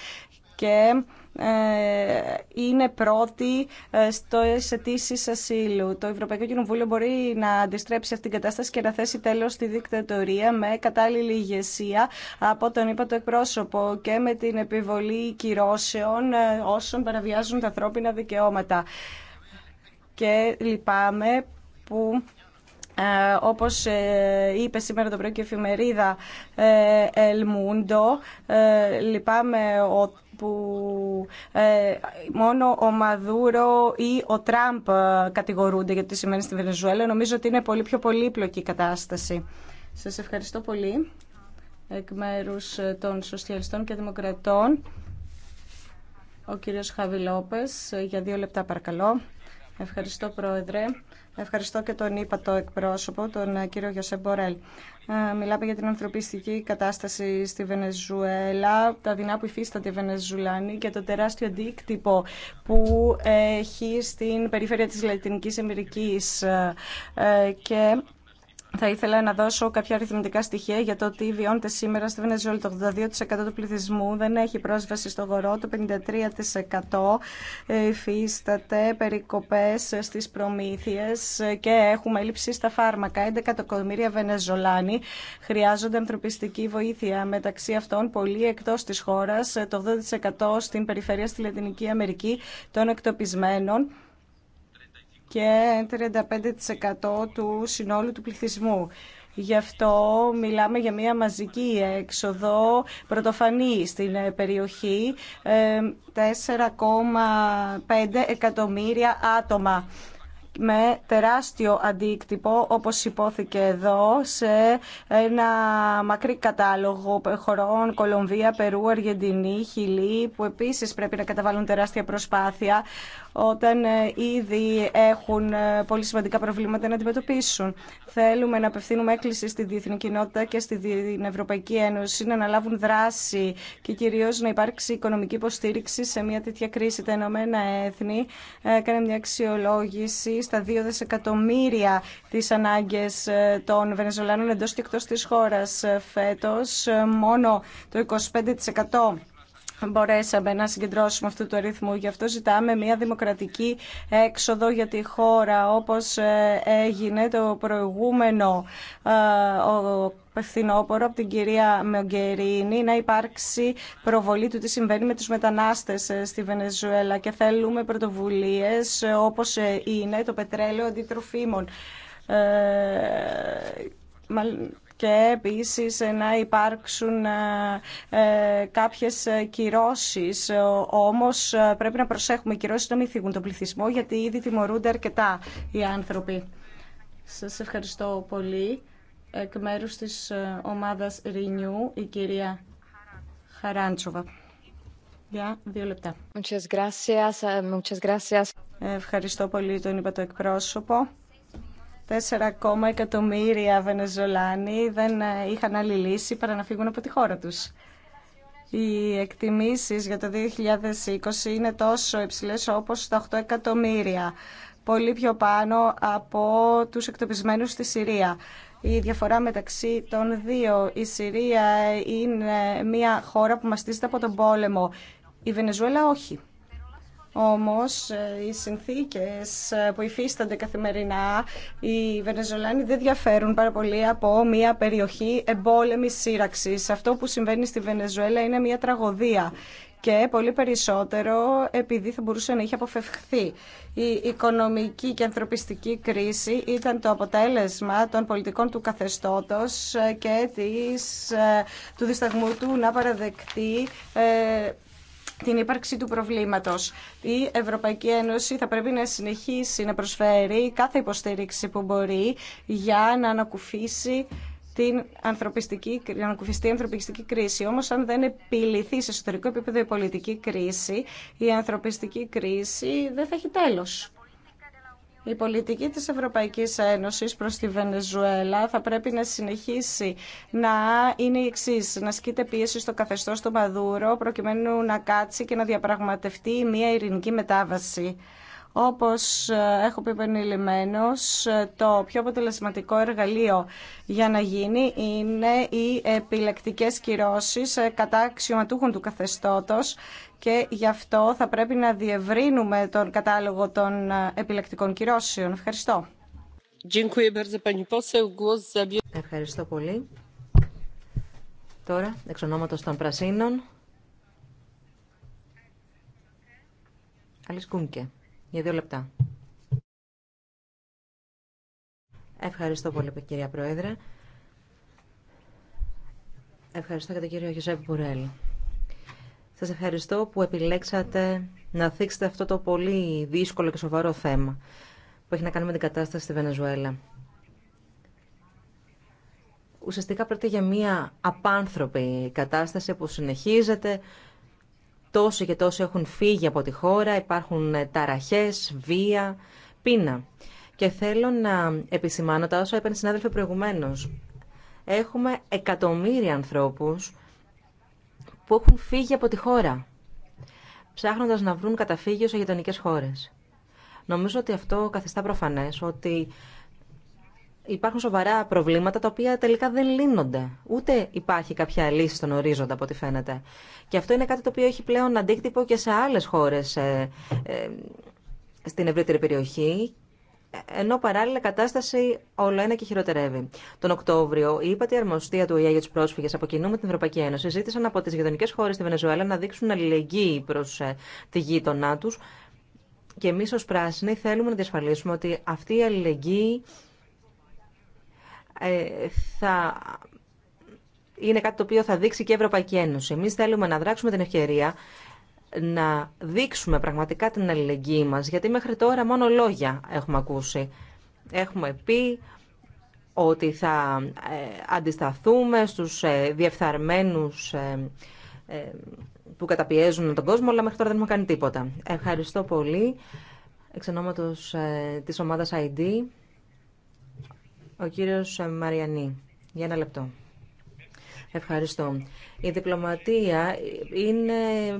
Και ε, είναι πρώτη ε, στο αιτήσει ασύλου. Το Ευρωπαϊκό Κοινοβούλιο μπορεί να αντιστρέψει αυτή την κατάσταση και να θέσει τέλο στη δικτατορία με κατάλληλη ηγεσία από τον είπα το εκπρόσωπο και με την επιβολή κυρώσεων ε, όσων παραβιάζουν τα ανθρώπινα δικαιώματα. Και λυπάμαι που ε, όπως ε, είπε σήμερα το πρωί και η εφημερίδα ε, El Mundo, λυπάμαι ότι που μόνο ο Μαδούρο ή ο Τραμπ κατηγορούνται για το τι σημαίνει στη Βενεζουέλα. Νομίζω ότι είναι πολύ πιο πολύπλοκη η κατάσταση. Σας ευχαριστώ πολύ εκ μέρους των Σοσιαλιστών και Δημοκρατών. Ο κύριος Χαβιλόπες, για δύο λεπτά παρακαλώ. Ευχαριστώ, Πρόεδρε. Ευχαριστώ και τον είπα το εκπρόσωπο, τον ε, κύριο Γιωσέ Μπορέλ. Ε, μιλάμε για την ανθρωπιστική κατάσταση στη Βενεζουέλα, τα δεινά που υφίσταται η Βενεζουλάνη και το τεράστιο αντίκτυπο που έχει στην περιφέρεια της Λατινικής Αμερικής. Ε, και θα ήθελα να δώσω κάποια αριθμητικά στοιχεία για το τι βιώνεται σήμερα στη Βενεζουέλα. Το 82% του πληθυσμού δεν έχει πρόσβαση στο γορό. το 53% ε, υφίσταται περικοπές στις προμήθειες και έχουμε έλλειψη στα φάρμακα. 11 εκατομμύρια Βενεζολάνοι χρειάζονται ανθρωπιστική βοήθεια. Μεταξύ αυτών, πολλοί εκτός της χώρας, το 80% στην περιφέρεια στη Λατινική Αμερική των εκτοπισμένων και 35% του συνόλου του πληθυσμού. Γι' αυτό μιλάμε για μια μαζική έξοδο πρωτοφανή στην ε, περιοχή, 4,5 ε, εκατομμύρια άτομα με τεράστιο αντίκτυπο, όπως υπόθηκε εδώ, σε ένα μακρύ κατάλογο χωρών, Κολομβία, Περού, Αργεντινή, Χιλή, που επίσης πρέπει να καταβάλουν τεράστια προσπάθεια, όταν ε, ήδη έχουν ε, πολύ σημαντικά προβλήματα να αντιμετωπίσουν. Θέλουμε να απευθύνουμε έκκληση στη διεθνή κοινότητα και στην Ευρωπαϊκή Ένωση να αναλάβουν δράση και κυρίω να υπάρξει οικονομική υποστήριξη σε μια τέτοια κρίση. Τα Ηνωμένα Έθνη ε, έκανε μια αξιολόγηση στα δύο δισεκατομμύρια τι ανάγκε των Βενεζολάνων εντό και εκτό τη χώρα φέτο. Μόνο το 25% μπορέσαμε να συγκεντρώσουμε αυτού του αριθμού. Γι' αυτό ζητάμε μια δημοκρατική έξοδο για τη χώρα, όπως ε, έγινε το προηγούμενο ε, ο από την κυρία Μεογκερίνη να υπάρξει προβολή του τι συμβαίνει με τους μετανάστες ε, στη Βενεζουέλα και θέλουμε πρωτοβουλίες όπως είναι το πετρέλαιο αντιτροφίμων και επίσης να υπάρξουν ε, ε, κάποιες κυρώσεις. Όμως ε, πρέπει να προσέχουμε οι κυρώσεις να μην θίγουν τον πληθυσμό γιατί ήδη τιμωρούνται αρκετά οι άνθρωποι. Σας ευχαριστώ πολύ. Εκ μέρους της ομάδας Renew, η κυρία Χαράντσοβα. Για δύο λεπτά. Ευχαριστώ πολύ τον είπα το εκπρόσωπο. 4 εκατομμύρια Βενεζολάνοι δεν ε, είχαν άλλη λύση παρά να φύγουν από τη χώρα τους. Οι εκτιμήσεις για το 2020 είναι τόσο υψηλές όπως τα 8 εκατομμύρια, πολύ πιο πάνω από τους εκτοπισμένους στη Συρία. Η διαφορά μεταξύ των δύο, η Συρία είναι μια χώρα που μαστίζεται από τον πόλεμο, η Βενεζουέλα όχι. Όμως ε, οι συνθήκες ε, που υφίστανται καθημερινά οι Βενεζολάνοι δεν διαφέρουν πάρα πολύ από μια περιοχή εμπόλεμης σύραξης. Αυτό που συμβαίνει στη Βενεζουέλα είναι μια τραγωδία και πολύ περισσότερο επειδή θα μπορούσε να είχε αποφευχθεί. Η οικονομική και ανθρωπιστική κρίση ήταν το αποτέλεσμα των πολιτικών του καθεστώτος ε, και της, του δισταγμού του να παραδεκτεί την ύπαρξη του προβλήματος. Η Ευρωπαϊκή Ένωση θα πρέπει να συνεχίσει να προσφέρει κάθε υποστήριξη που μπορεί για να ανακουφίσει την ανθρωπιστική, η ανθρωπιστική κρίση. Όμως αν δεν επιληθεί σε εσωτερικό επίπεδο η πολιτική κρίση, η ανθρωπιστική κρίση δεν θα έχει τέλος. Η πολιτική της Ευρωπαϊκής Ένωσης προς τη Βενεζουέλα θα πρέπει να συνεχίσει να είναι η εξή, να σκείται πίεση στο καθεστώς του Μαδούρο προκειμένου να κάτσει και να διαπραγματευτεί μια ειρηνική μετάβαση. Όπως ε, έχω πει ε, το πιο αποτελεσματικό εργαλείο για να γίνει είναι οι επιλεκτικές κυρώσεις ε, κατά αξιωματούχων του καθεστώτος και γι' αυτό θα πρέπει να διευρύνουμε τον κατάλογο των επιλεκτικών κυρώσεων. Ευχαριστώ. Ευχαριστώ πολύ. Τώρα, εξ ονόματος των Πρασίνων, Αλής Κούνκε. Για δύο λεπτά. Ευχαριστώ πολύ, κυρία Πρόεδρε. Ευχαριστώ και τον κύριο Γιωσέπ Μπουρέλ. Σας ευχαριστώ που επιλέξατε να θίξετε αυτό το πολύ δύσκολο και σοβαρό θέμα που έχει να κάνει με την κατάσταση στη Βενεζουέλα. Ουσιαστικά πρόκειται για μια απάνθρωπη κατάσταση που συνεχίζεται τόσοι και τόσοι έχουν φύγει από τη χώρα, υπάρχουν ε, ταραχές, βία, πείνα. Και θέλω να επισημάνω τα όσα είπαν οι συνάδελφοι προηγουμένως. Έχουμε εκατομμύρια ανθρώπους που έχουν φύγει από τη χώρα, ψάχνοντας να βρουν καταφύγιο σε γειτονικέ χώρες. Νομίζω ότι αυτό καθιστά προφανές ότι υπάρχουν σοβαρά προβλήματα τα οποία τελικά δεν λύνονται. Ούτε υπάρχει κάποια λύση στον ορίζοντα από ό,τι φαίνεται. Και αυτό είναι κάτι το οποίο έχει πλέον αντίκτυπο και σε άλλες χώρες ε, ε, στην ευρύτερη περιοχή ενώ παράλληλα η κατάσταση όλο ένα και χειροτερεύει. Τον Οκτώβριο, η ύπατη αρμοστία του ΟΗΕ για του πρόσφυγε από κοινού με την Ευρωπαϊκή Ένωση ζήτησαν από τι γειτονικέ χώρε στη Βενεζουέλα να δείξουν αλληλεγγύη προ ε, τη γείτονά του. Και εμεί ω πράσινοι θέλουμε να διασφαλίσουμε ότι αυτή η αλληλεγγύη ε, θα είναι κάτι το οποίο θα δείξει και η Ευρωπαϊκή Ένωση. Εμείς θέλουμε να δράξουμε την ευκαιρία να δείξουμε πραγματικά την αλληλεγγύη μας, γιατί μέχρι τώρα μόνο λόγια έχουμε ακούσει. Έχουμε πει ότι θα ε, αντισταθούμε στους ε, διεφθαρμένους που καταπιέζουν τον κόσμο, αλλά μέχρι τώρα δεν έχουμε κάνει τίποτα. Ευχαριστώ πολύ. Εξ ονόματος της ομάδας ID, ο κύριος Μαριανή, για ένα λεπτό. Ευχαριστώ. Η διπλωματία είναι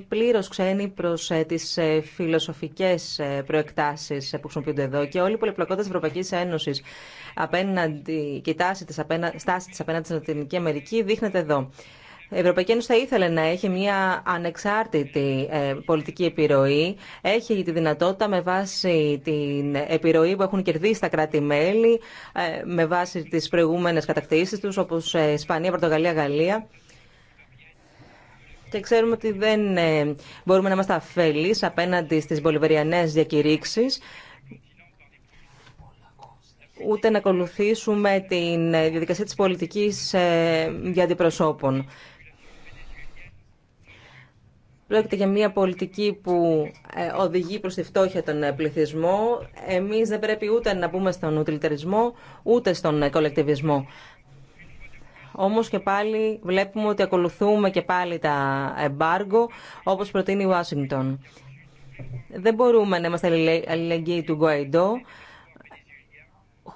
πλήρως ξένη προς ε, τις ε, φιλοσοφικές ε, προεκτάσεις που χρησιμοποιούνται εδώ και όλη η πολυπλοκότητα της Ευρωπαϊκής Ένωσης απέναντι, και η στάση της απέναντι στην Αμερική δείχνεται εδώ. Η Ευρωπαϊκή Ένωση θα ήθελε να έχει μια ανεξάρτητη ε, πολιτική επιρροή. Έχει τη δυνατότητα με βάση την επιρροή που έχουν κερδίσει τα κράτη-μέλη, ε, με βάση τις προηγούμενες κατακτήσεις τους, όπως ε, Ισπανία, Πορτογαλία, Γαλλία. Και ξέρουμε ότι δεν μπορούμε να είμαστε αφέλεις απέναντι στις πολυβεριανές διακηρύξεις ούτε να ακολουθήσουμε τη διαδικασία της πολιτικής για αντιπροσώπων. Πρόκειται για μια πολιτική που ε, οδηγεί προς τη φτώχεια τον ε, πληθυσμό. Εμείς δεν πρέπει ούτε να μπούμε στον ουτιλιτερισμό, ούτε στον ε, κολεκτιβισμό. Όμως και πάλι βλέπουμε ότι ακολουθούμε και πάλι τα εμπάργκο, όπως προτείνει η Ουάσιγκτον. Δεν μπορούμε να είμαστε αλληλεγγύοι του Γκουαϊντό,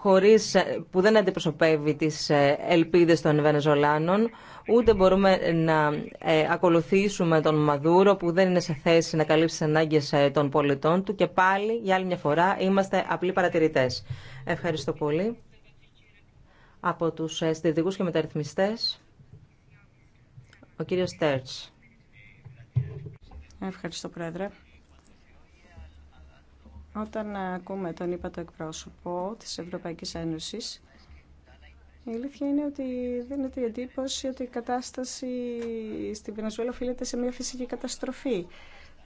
χωρίς, ε, που δεν αντιπροσωπεύει τις ε, ελπίδες των Βενεζολάνων, ούτε μπορούμε να ε, ακολουθήσουμε τον Μαδούρο που δεν είναι σε θέση να καλύψει τις ανάγκες των πολιτών του και πάλι για άλλη μια φορά είμαστε απλοί παρατηρητές. Ευχαριστώ πολύ. Από τους συντηρητικούς και μεταρρυθμιστές, ο κύριος Τέρτς. Ευχαριστώ, Πρόεδρε. Όταν ακούμε τον είπα το εκπρόσωπο της Ευρωπαϊκής Ένωσης, η αλήθεια είναι ότι δίνεται η εντύπωση ότι η κατάσταση στη Βενεζουέλα οφείλεται σε μια φυσική καταστροφή.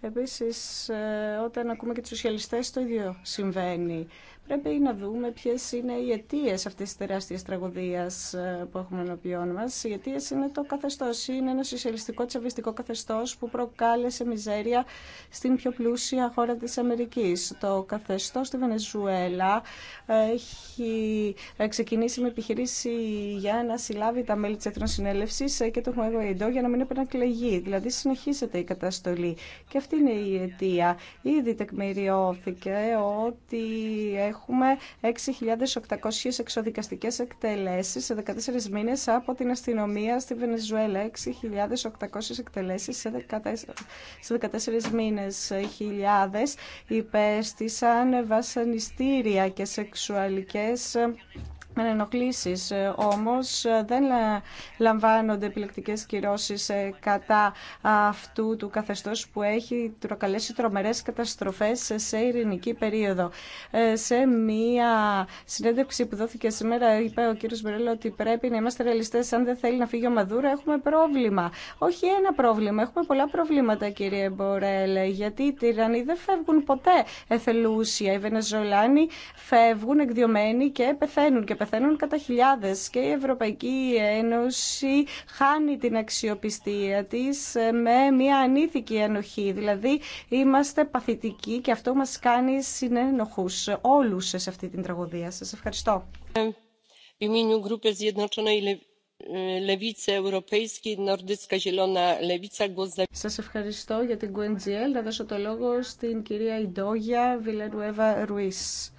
Επίσης, ε, όταν ακούμε και τους σοσιαλιστές, το ίδιο συμβαίνει. Πρέπει να δούμε ποιε είναι οι αιτίε αυτή τη τεράστια τραγωδία ε, που έχουμε ενώπιόν μα. Οι αιτίε είναι το καθεστώ. Είναι ένα σοσιαλιστικό τσαβιστικό καθεστώ που προκάλεσε μιζέρια στην πιο πλούσια χώρα τη Αμερική. Το καθεστώ στη Βενεζουέλα ε, έχει ε, ξεκινήσει με επιχειρήση για να συλλάβει τα μέλη της Συνέλευση και το Χουέγο για να μην επανακλεγεί. Δηλαδή συνεχίζεται η καταστολή. Και αυτή είναι η αιτία. Ήδη τεκμηριώθηκε ότι έχουμε 6.800 εξοδικαστικές εκτελέσεις σε 14 μήνες από την αστυνομία στη Βενεζουέλα. 6.800 εκτελέσεις σε 14 μήνες. Χιλιάδες υπέστησαν βασανιστήρια και σεξουαλικές ενοχλήσεις. Ε, όμως ε, δεν ε, λαμβάνονται επιλεκτικές κυρώσεις κατά αυτού του καθεστώς που έχει προκαλέσει τρομερές καταστροφές σε ειρηνική περίοδο. Σε μία συνέντευξη που δόθηκε σήμερα είπε ο κύριος Μπρέλο ότι πρέπει να είμαστε ρεαλιστές. Αν δεν θέλει να φύγει ο Μαδούρα έχουμε πρόβλημα. Όχι ένα πρόβλημα. Έχουμε πολλά προβλήματα κύριε Μπορέλ. Γιατί οι τυρανοί δεν φεύγουν ποτέ εθελούσια. Οι Βενεζολάνοι φεύγουν εκδιωμένοι και πεθαίνουν και πεθαίνουν πεθαίνουν κατά χιλιάδες και η Ευρωπαϊκή Ένωση χάνει την αξιοπιστία της με μια ανήθικη ανοχή. Δηλαδή είμαστε παθητικοί και αυτό μας κάνει συνενοχούς όλους σε αυτή την τραγωδία. Σας ευχαριστώ. Σα ευχαριστώ για την QNGL. Θα δώσω το λόγο στην κυρία Ιντόγια Βιλερουέβα Ρουίς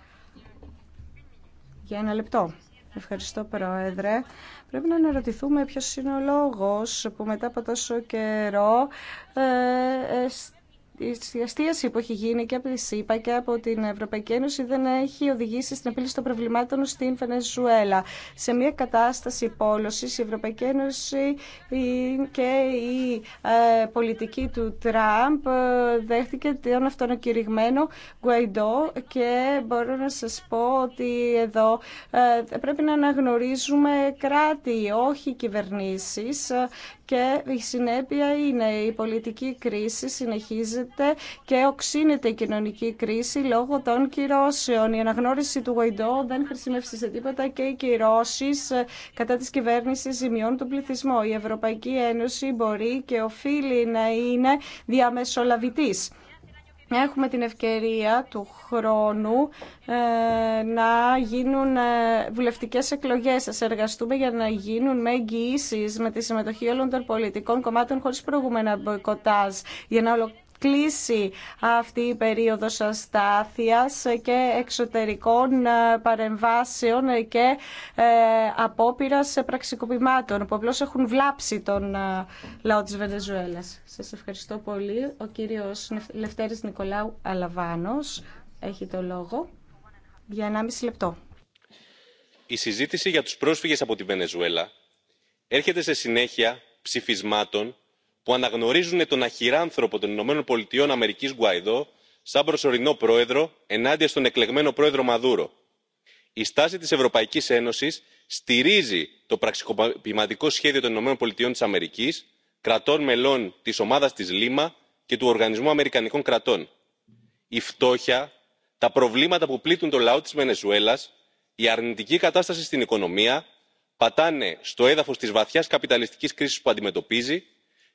για ένα λεπτό. Ευχαριστώ, Πρόεδρε. Πρέπει να αναρωτηθούμε ποιο είναι ο λόγο που μετά από τόσο καιρό ε, ε, η αστίαση που έχει γίνει και από τη ΣΥΠΑ και από την Ευρωπαϊκή Ένωση δεν έχει οδηγήσει στην επίλυση των προβλημάτων στην Βενεζουέλα. Σε μια κατάσταση πόλωση, η Ευρωπαϊκή Ένωση και η ε, πολιτική του Τραμπ ε, δέχτηκε τον αυτονοκηρυγμένο Γκουαϊντό και μπορώ να σα πω ότι εδώ ε, πρέπει να αναγνωρίζουμε κράτη, όχι κυβερνήσει και η συνέπεια είναι η πολιτική κρίση συνεχίζεται και οξύνεται η κοινωνική κρίση λόγω των κυρώσεων. Η αναγνώριση του Γουαϊντό δεν χρησιμεύσει σε τίποτα και οι κυρώσει ε, κατά τη κυβέρνηση ζημιών του πληθυσμό. Η Ευρωπαϊκή Ένωση μπορεί και οφείλει να είναι διαμεσολαβητής έχουμε την ευκαιρία του χρόνου ε, να γίνουν ε, βουλευτικές εκλογές. Σας εργαστούμε για να γίνουν με εγγυήσει με τη συμμετοχή όλων των πολιτικών κομμάτων χωρίς προηγούμενα μποϊκοτάζ για να ολοκληρώσουμε κλείσει αυτή η περίοδος αστάθειας και εξωτερικών ε, παρεμβάσεων και ε, απόπειρα πραξικοπημάτων που απλώς έχουν βλάψει τον ε, λαό της Βενεζουέλας. Σας ευχαριστώ πολύ. Ο κύριος Λευτέρης Νικολάου Αλαβάνος έχει το λόγο για 1,5 λεπτό. Η συζήτηση για τους πρόσφυγες από τη Βενεζουέλα έρχεται σε συνέχεια ψηφισμάτων που αναγνωρίζουν τον αχυράνθρωπο των ηνωμένων πολιτειών αμερικής γκουαϊδό σαν προσωρινό πρόεδρο ενάντια στον εκλεγμένο πρόεδρο μαδούρο. η στάση της ευρωπαϊκής ένωσης στηρίζει το πραξικοπηματικό σχέδιο των ηνωμένων πολιτειών της αμερικής κρατών μελών της ομάδας της λίμα και του οργανισμού αμερικανικών κρατών. η φτώχεια τα προβλήματα που πλήττουν το λαό της βενεζουέλας η αρνητική κατάσταση στην οικονομία πατάνε στο έδαφος της βαθιάς καπιταλιστικής κρίσης που αντιμετωπίζει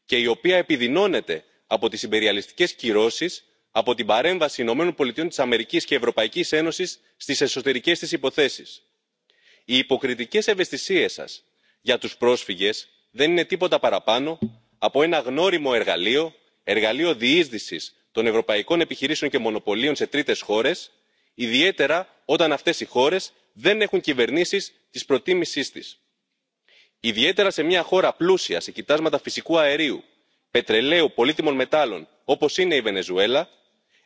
και η οποία επιδεινώνεται από τις υπεριαλιστικές κυρώσεις από την παρέμβαση ηνωμένων πολιτειών της αμερικής και ευρωπαϊκής ένωσης στις εσωτερικές της υποθέσεις. οι υποκριτικές ευαισθησίες σας για τους πρόσφυγες δεν είναι τίποτα παραπάνω από ένα γνώριμο εργαλείο εργαλείο διείσδυσης των ευρωπαϊκών επιχειρήσεων και μονοπωλίων σε τρίτες χώρες ιδιαίτερα όταν αυτές οι χώρες δεν έχουν κυβερνήσεις της προτίμησής ιδιαίτερα σε μια χώρα πλούσια σε κοιτάσματα φυσικού αερίου πετρελαίου πολύτιμων μετάλλων όπως είναι η βενεζουέλα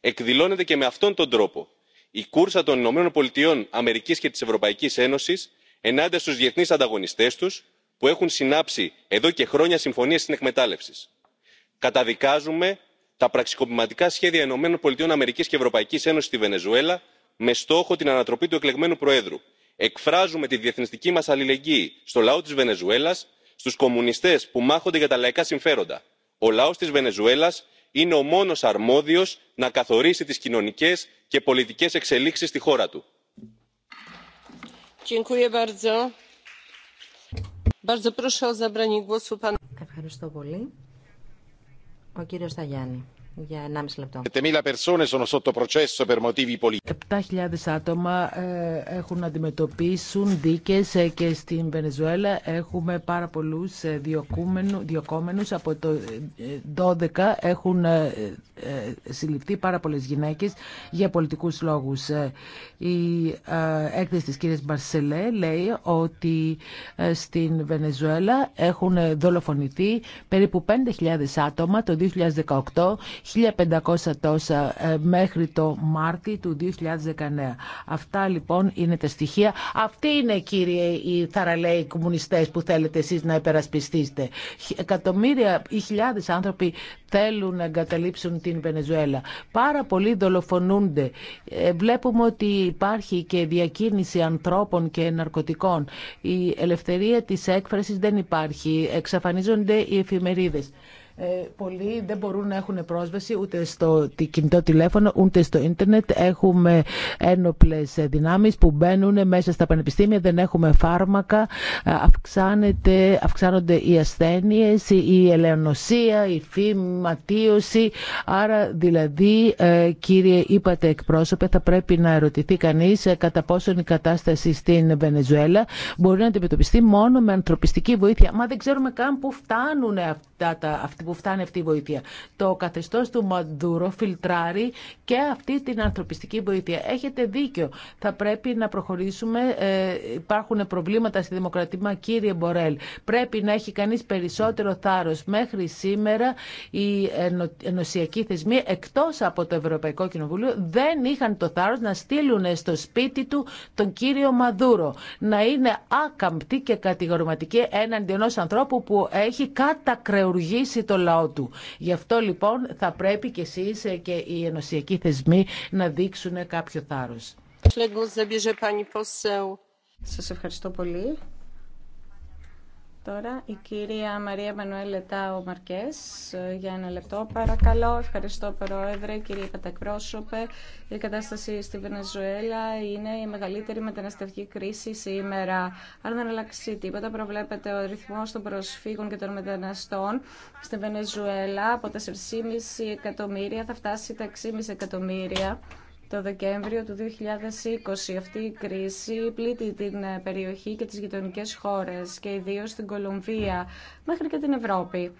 εκδηλώνεται και με αυτόν τον τρόπο η κούρσα των ηνωμένων πολιτειών αμερικής και της ευρωπαϊκής ένωσης ενάντια στους διεθνείς ανταγωνιστές τους που έχουν συνάψει εδώ και χρόνια συμφωνίες συνεκμετάλλευσης. καταδικάζουμε τα πραξικοπηματικά σχέδια ηνωμένων πολιτειών αμερικής και ευρωπαϊκής ένωσης στη βενεζουέλα με στόχο την ανατροπή του εκλεγμένου προέδρου εκφράζουμε τη διεθνιστική μας αλληλεγγύη στο λαό της βενεζουέλας στους κομμουνιστές που μάχονται για τα λαϊκά συμφέροντα. ο λαός της βενεζουέλας είναι ο μόνος αρμόδιος να καθορίσει τις κοινωνικές και πολιτικές εξελίξεις στη χώρα του. Ευχαριστώ πολύ. Ο κύριος Σταγιάννη για 1,5 λεπτό. 7.000 άτομα ε, έχουν να αντιμετωπίσουν δίκε ε, και στην Βενεζουέλα έχουμε πάρα πολλού ε, διοκόμενου Από το 12 έχουν συλληφθεί πάρα πολλέ γυναίκε για πολιτικού λόγου. Η έκθεση τη κυρία Μπαρσελέ λέει ότι στην Βενεζουέλα έχουν δολοφονηθεί περίπου 5.000 άτομα το 2018 1.500 τόσα ε, μέχρι το Μάρτι του 2019. Αυτά λοιπόν είναι τα στοιχεία. Αυτοί είναι κύριε οι θαραλέοι κομμουνιστές που θέλετε εσείς να υπερασπιστήσετε. Εκατομμύρια ή χιλιάδες άνθρωποι θέλουν να εγκαταλείψουν την Βενεζουέλα. Πάρα πολλοί δολοφονούνται. Ε, βλέπουμε ότι υπάρχει και διακίνηση ανθρώπων και ναρκωτικών. Η ελευθερία της έκφρασης δεν υπάρχει. Εξαφανίζονται οι εφημερίδες. Ε, πολλοί δεν μπορούν να έχουν πρόσβαση ούτε στο κινητό τηλέφωνο, ούτε στο ίντερνετ. Έχουμε ένοπλε δυνάμει που μπαίνουν μέσα στα πανεπιστήμια, δεν έχουμε φάρμακα, ε, αυξάνεται, αυξάνονται οι ασθένειε, η ελεονοσία, η φηματίωση Άρα δηλαδή, ε, κύριε είπατε εκπρόσωπε, θα πρέπει να ερωτηθεί κανείς κατά πόσον η κατάσταση στην Βενεζουέλα μπορεί να αντιμετωπιστεί μόνο με ανθρωπιστική βοήθεια. Μα δεν ξέρουμε καν πού φτάνουν αυτά τα, που φτάνει αυτή η βοήθεια. Το καθεστώ του Μαντούρο φιλτράρει και αυτή την ανθρωπιστική βοήθεια. Έχετε δίκιο. Θα πρέπει να προχωρήσουμε. Ε, υπάρχουν προβλήματα στη δημοκρατία, κύριε Μπορέλ. Πρέπει να έχει κανεί περισσότερο θάρρο. Μέχρι σήμερα οι ενωσιακοί θεσμοί, εκτό από το Ευρωπαϊκό Κοινοβούλιο, δεν είχαν το θάρρο να στείλουν στο σπίτι του τον κύριο Μαδούρο. Να είναι άκαμπτη και κατηγορηματική έναντι ενό ανθρώπου που έχει κατακρεουργήσει το το λαό του. Γι' αυτό λοιπόν θα πρέπει και εσείς και οι ενωσιακοί θεσμοί να δείξουν κάποιο θάρρος. Σας ευχαριστώ πολύ. Τώρα η κυρία Μαρία Μανουέλ Τάο Μαρκές ε, για ένα λεπτό παρακαλώ. Ευχαριστώ Πρόεδρε, κύριε Πατακπρόσωπε. Η κατάσταση στη Βενεζουέλα είναι η μεγαλύτερη μεταναστευτική κρίση σήμερα. Αν δεν αλλάξει τίποτα, προβλέπεται ο ρυθμός των προσφύγων και των μεταναστών στη Βενεζουέλα από 4,5 εκατομμύρια θα φτάσει τα 6,5 εκατομμύρια το Δεκέμβριο του 2020. Αυτή η κρίση πλήττει την ε, περιοχή και τις γειτονικές χώρες και ιδίως την Κολομβία μέχρι και την Ευρώπη.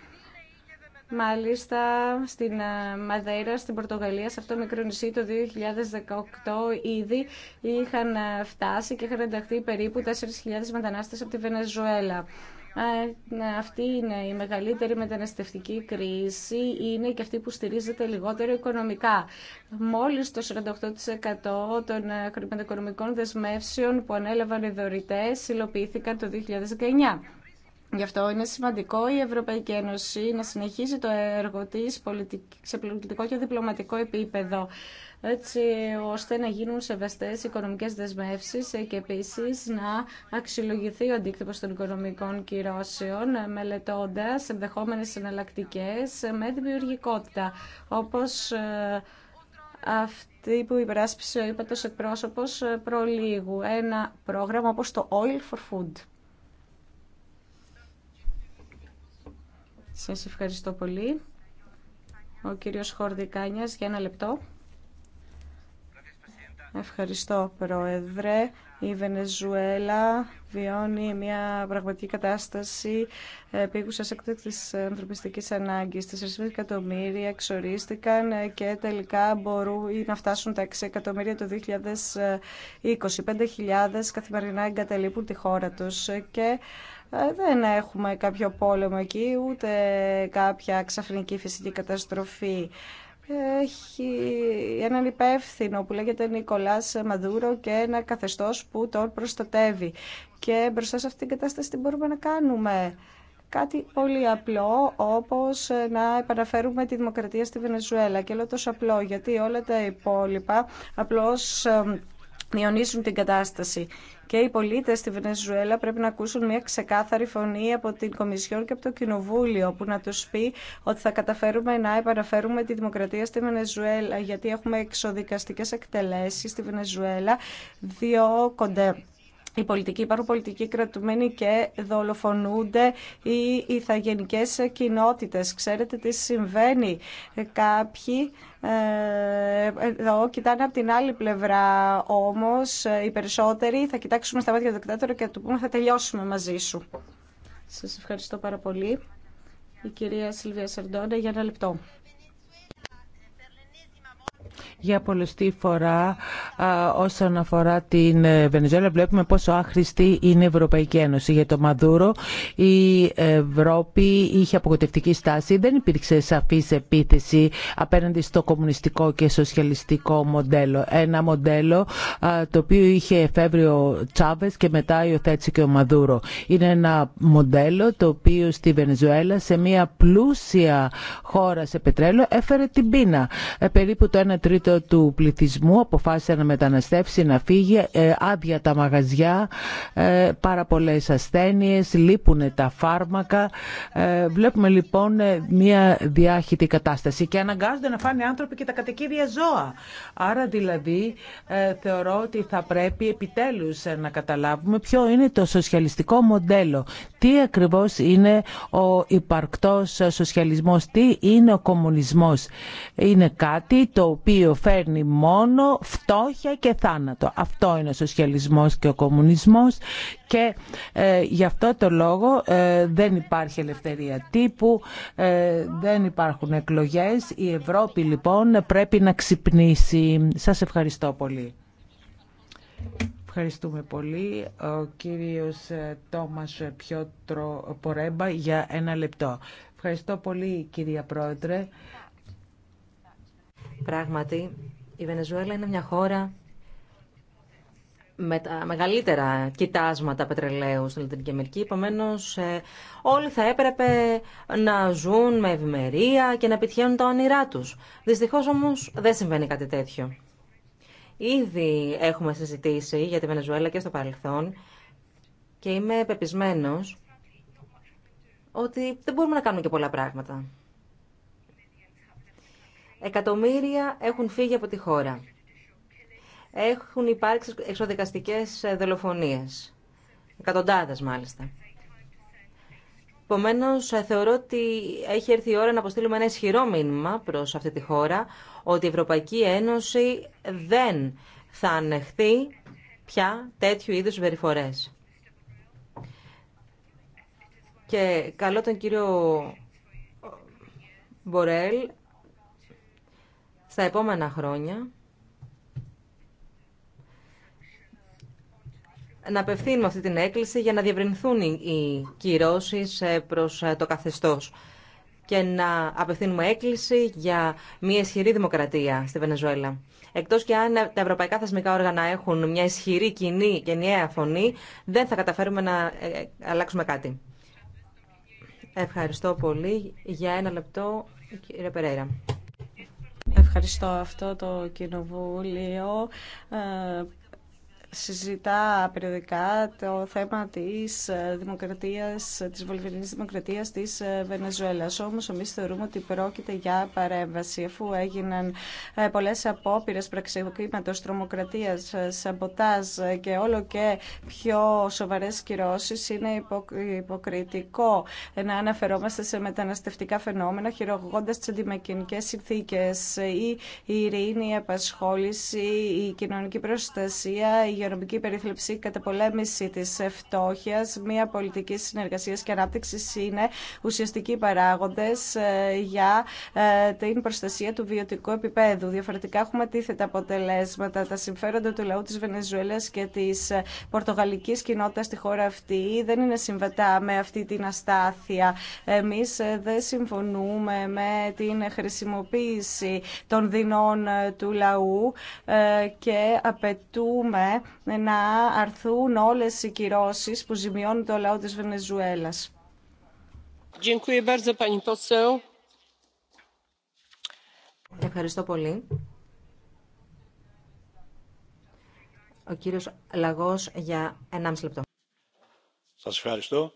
Μάλιστα στην ε, Μαδέρα, στην Πορτογαλία, σε αυτό το μικρό νησί το 2018 ήδη είχαν ε, φτάσει και είχαν ενταχθεί περίπου 4.000 μετανάστες από τη Βενεζουέλα. Ναι, αυτή είναι η μεγαλύτερη μεταναστευτική κρίση, είναι και αυτή που στηρίζεται λιγότερο οικονομικά. Μόλις το 48% των ε, χρηματοοικονομικών δεσμεύσεων που ανέλαβαν οι δωρητές υλοποιήθηκαν το 2019. Γι' αυτό είναι σημαντικό η Ευρωπαϊκή Ένωση να συνεχίζει το έργο τη σε πολιτικό και διπλωματικό επίπεδο έτσι ώστε να γίνουν σεβαστές οικονομικέ δεσμεύσει και επίση να αξιολογηθεί ο αντίκτυπο των οικονομικών κυρώσεων μελετώντα ενδεχόμενε εναλλακτικέ με δημιουργικότητα όπω ε, αυτή που υπεράσπισε ο ύπατο εκπρόσωπο ε, προλίγου ένα πρόγραμμα όπω το Oil for Food. Σας ευχαριστώ πολύ. Ο κύριος Χορδικάνιας για ένα λεπτό. Ευχαριστώ, Πρόεδρε. Η Βενεζουέλα βιώνει μια πραγματική κατάσταση επίγουσα έκτακτη ανθρωπιστική ανάγκη. 4,5 εκατομμύρια εξορίστηκαν και τελικά μπορούν να φτάσουν τα 6 εκατομμύρια το 2020. 5.000 καθημερινά εγκαταλείπουν τη χώρα του και ε, δεν έχουμε κάποιο πόλεμο εκεί, ούτε κάποια ξαφνική φυσική καταστροφή. Έχει έναν υπεύθυνο που λέγεται Νικολάς Μαδούρο και ένα καθεστώς που τον προστατεύει. Και μπροστά σε αυτήν την κατάσταση τι μπορούμε να κάνουμε. Κάτι πολύ απλό, όπως να επαναφέρουμε τη δημοκρατία στη Βενεζουέλα. Και λέω τόσο απλό, γιατί όλα τα υπόλοιπα απλώς διονύσουν την κατάσταση. Και οι πολίτε στη Βενεζουέλα πρέπει να ακούσουν μια ξεκάθαρη φωνή από την Κομισιόν και από το Κοινοβούλιο, που να του πει ότι θα καταφέρουμε να επαναφέρουμε τη δημοκρατία στη Βενεζουέλα, γιατί έχουμε εξοδικαστικές εκτελέσει στη Βενεζουέλα, διώκονται η πολιτική, υπάρχουν πολιτικοί κρατουμένοι και δολοφονούνται οι ηθαγενικές κοινότητες. Ξέρετε τι συμβαίνει. Κάποιοι ε, εδώ κοιτάνε από την άλλη πλευρά όμως ε, οι περισσότεροι θα κοιτάξουμε στα μάτια του δικτάτορα και θα του πούμε θα τελειώσουμε μαζί σου. Σας ευχαριστώ πάρα πολύ. Η κυρία Σιλβία Σερντόνε για ένα λεπτό. Για πολλωστή φορά όσον αφορά την ε, Βενεζουέλα βλέπουμε πόσο άχρηστη είναι η Ευρωπαϊκή Ένωση. Για το Μαδούρο η Ευρώπη είχε απογοητευτική στάση. Δεν υπήρξε σαφής επίθεση απέναντι στο κομμουνιστικό και σοσιαλιστικό μοντέλο. Ένα μοντέλο το οποίο είχε εφεύρει ο Τσάβες και μετά υιοθέτησε και ο Μαδούρο. Είναι ένα μοντέλο το οποίο στη Βενεζουέλα σε μια πλούσια χώρα σε πετρέλαιο έφερε την πείνα. Ε, περίπου το 1 τρίτο του πληθυσμού αποφάσισε μεταναστεύσει, να φύγει, ε, άδεια τα μαγαζιά, ε, πάρα πολλές ασθένειες, λείπουν τα φάρμακα. Ε, βλέπουμε λοιπόν μια διάχυτη κατάσταση και αναγκάζονται να φάνε άνθρωποι και τα κατοικίδια ζώα. Άρα δηλαδή θεωρώ ότι θα πρέπει επιτέλους να καταλάβουμε ποιο είναι το σοσιαλιστικό μοντέλο. Τι ακριβώς είναι ο υπαρκτός σοσιαλισμός, τι είναι ο κομμουνισμός. Είναι κάτι το οποίο φέρνει μόνο φτώχεια και θάνατο. Αυτό είναι ο σοσιαλισμός και ο κομμουνισμός και ε, γι' αυτό το λόγο ε, δεν υπάρχει ελευθερία τύπου, ε, δεν υπάρχουν εκλογές. Η Ευρώπη λοιπόν πρέπει να ξυπνήσει. Σας ευχαριστώ πολύ. Ευχαριστούμε πολύ. Ο κύριος ε, Τόμας Πιότρο Πορέμπα για ένα λεπτό. Ευχαριστώ πολύ κυρία Πρόεδρε. Πράγματι, η Βενεζουέλα είναι μια χώρα με τα μεγαλύτερα κοιτάσματα πετρελαίου στην Λατινική Αμερική. Επομένω, ε, όλοι θα έπρεπε να ζουν με ευημερία και να επιτυχαίνουν τα όνειρά του. Δυστυχώ όμω δεν συμβαίνει κάτι τέτοιο. Ήδη έχουμε συζητήσει για τη Βενεζουέλα και στο παρελθόν και είμαι πεπισμένος ότι δεν μπορούμε να κάνουμε και πολλά πράγματα. Εκατομμύρια έχουν φύγει από τη χώρα. Έχουν υπάρξει εξοδικαστικές ε, δολοφονίες. Εκατοντάδες μάλιστα. Επομένω, ε, θεωρώ ότι έχει έρθει η ώρα να αποστείλουμε ένα ισχυρό μήνυμα προ αυτή τη χώρα ότι η Ευρωπαϊκή Ένωση δεν θα ανεχθεί πια τέτοιου είδου συμπεριφορέ. Και καλό τον κύριο Μπορέλ στα επόμενα χρόνια να απευθύνουμε αυτή την έκκληση για να διευρυνθούν οι κυρώσεις ε, προς ε, το καθεστώς και να απευθύνουμε έκκληση για μια ισχυρή δημοκρατία στη Βενεζουέλα. Εκτός και αν τα ευρωπαϊκά θεσμικά όργανα έχουν μια ισχυρή κοινή νέα φωνή, δεν θα καταφέρουμε να ε, αλλάξουμε κάτι. Ευχαριστώ πολύ. Για ένα λεπτό, κύριε Περέρα. Ευχαριστώ αυτό το κοινοβούλιο ε, συζητά περιοδικά το θέμα της ε, δημοκρατίας, της βολιβερινής δημοκρατίας της ε, Βενεζουέλας. Όμως εμείς θεωρούμε ότι πρόκειται για παρέμβαση αφού έγιναν ε, πολλές απόπειρες πραξικοκλήματος, τρομοκρατίας, σαμποτάζ και όλο και πιο σοβαρές κυρώσεις είναι υποκριτικό να αναφερόμαστε σε μεταναστευτικά φαινόμενα χειρογόντας τις αντιμεκενικές συνθήκες ή η ειρήνη, η απασχόληση, η η κοινωνικη προστασια υγειονομική περίθλιψη, καταπολέμηση της φτώχεια μια πολιτική συνεργασίας και ανάπτυξης είναι ουσιαστικοί παράγοντες ε, για ε, την προστασία του βιωτικού επίπεδου. Διαφορετικά έχουμε αντίθετα αποτελέσματα. Τα συμφέροντα του λαού της Βενεζουέλας και της ε, πορτογαλικής κοινότητας στη χώρα αυτή δεν είναι συμβατά με αυτή την αστάθεια. Εμεί δεν συμφωνούμε με την χρησιμοποίηση των δεινών του λαού και απαιτούμε να αρθούν όλες οι κυρώσεις που ζημιώνουν το λαό της Βενεζουέλας. Ευχαριστώ πολύ. Ο κύριος Λαγός για 1,5 λεπτό. Σας ευχαριστώ.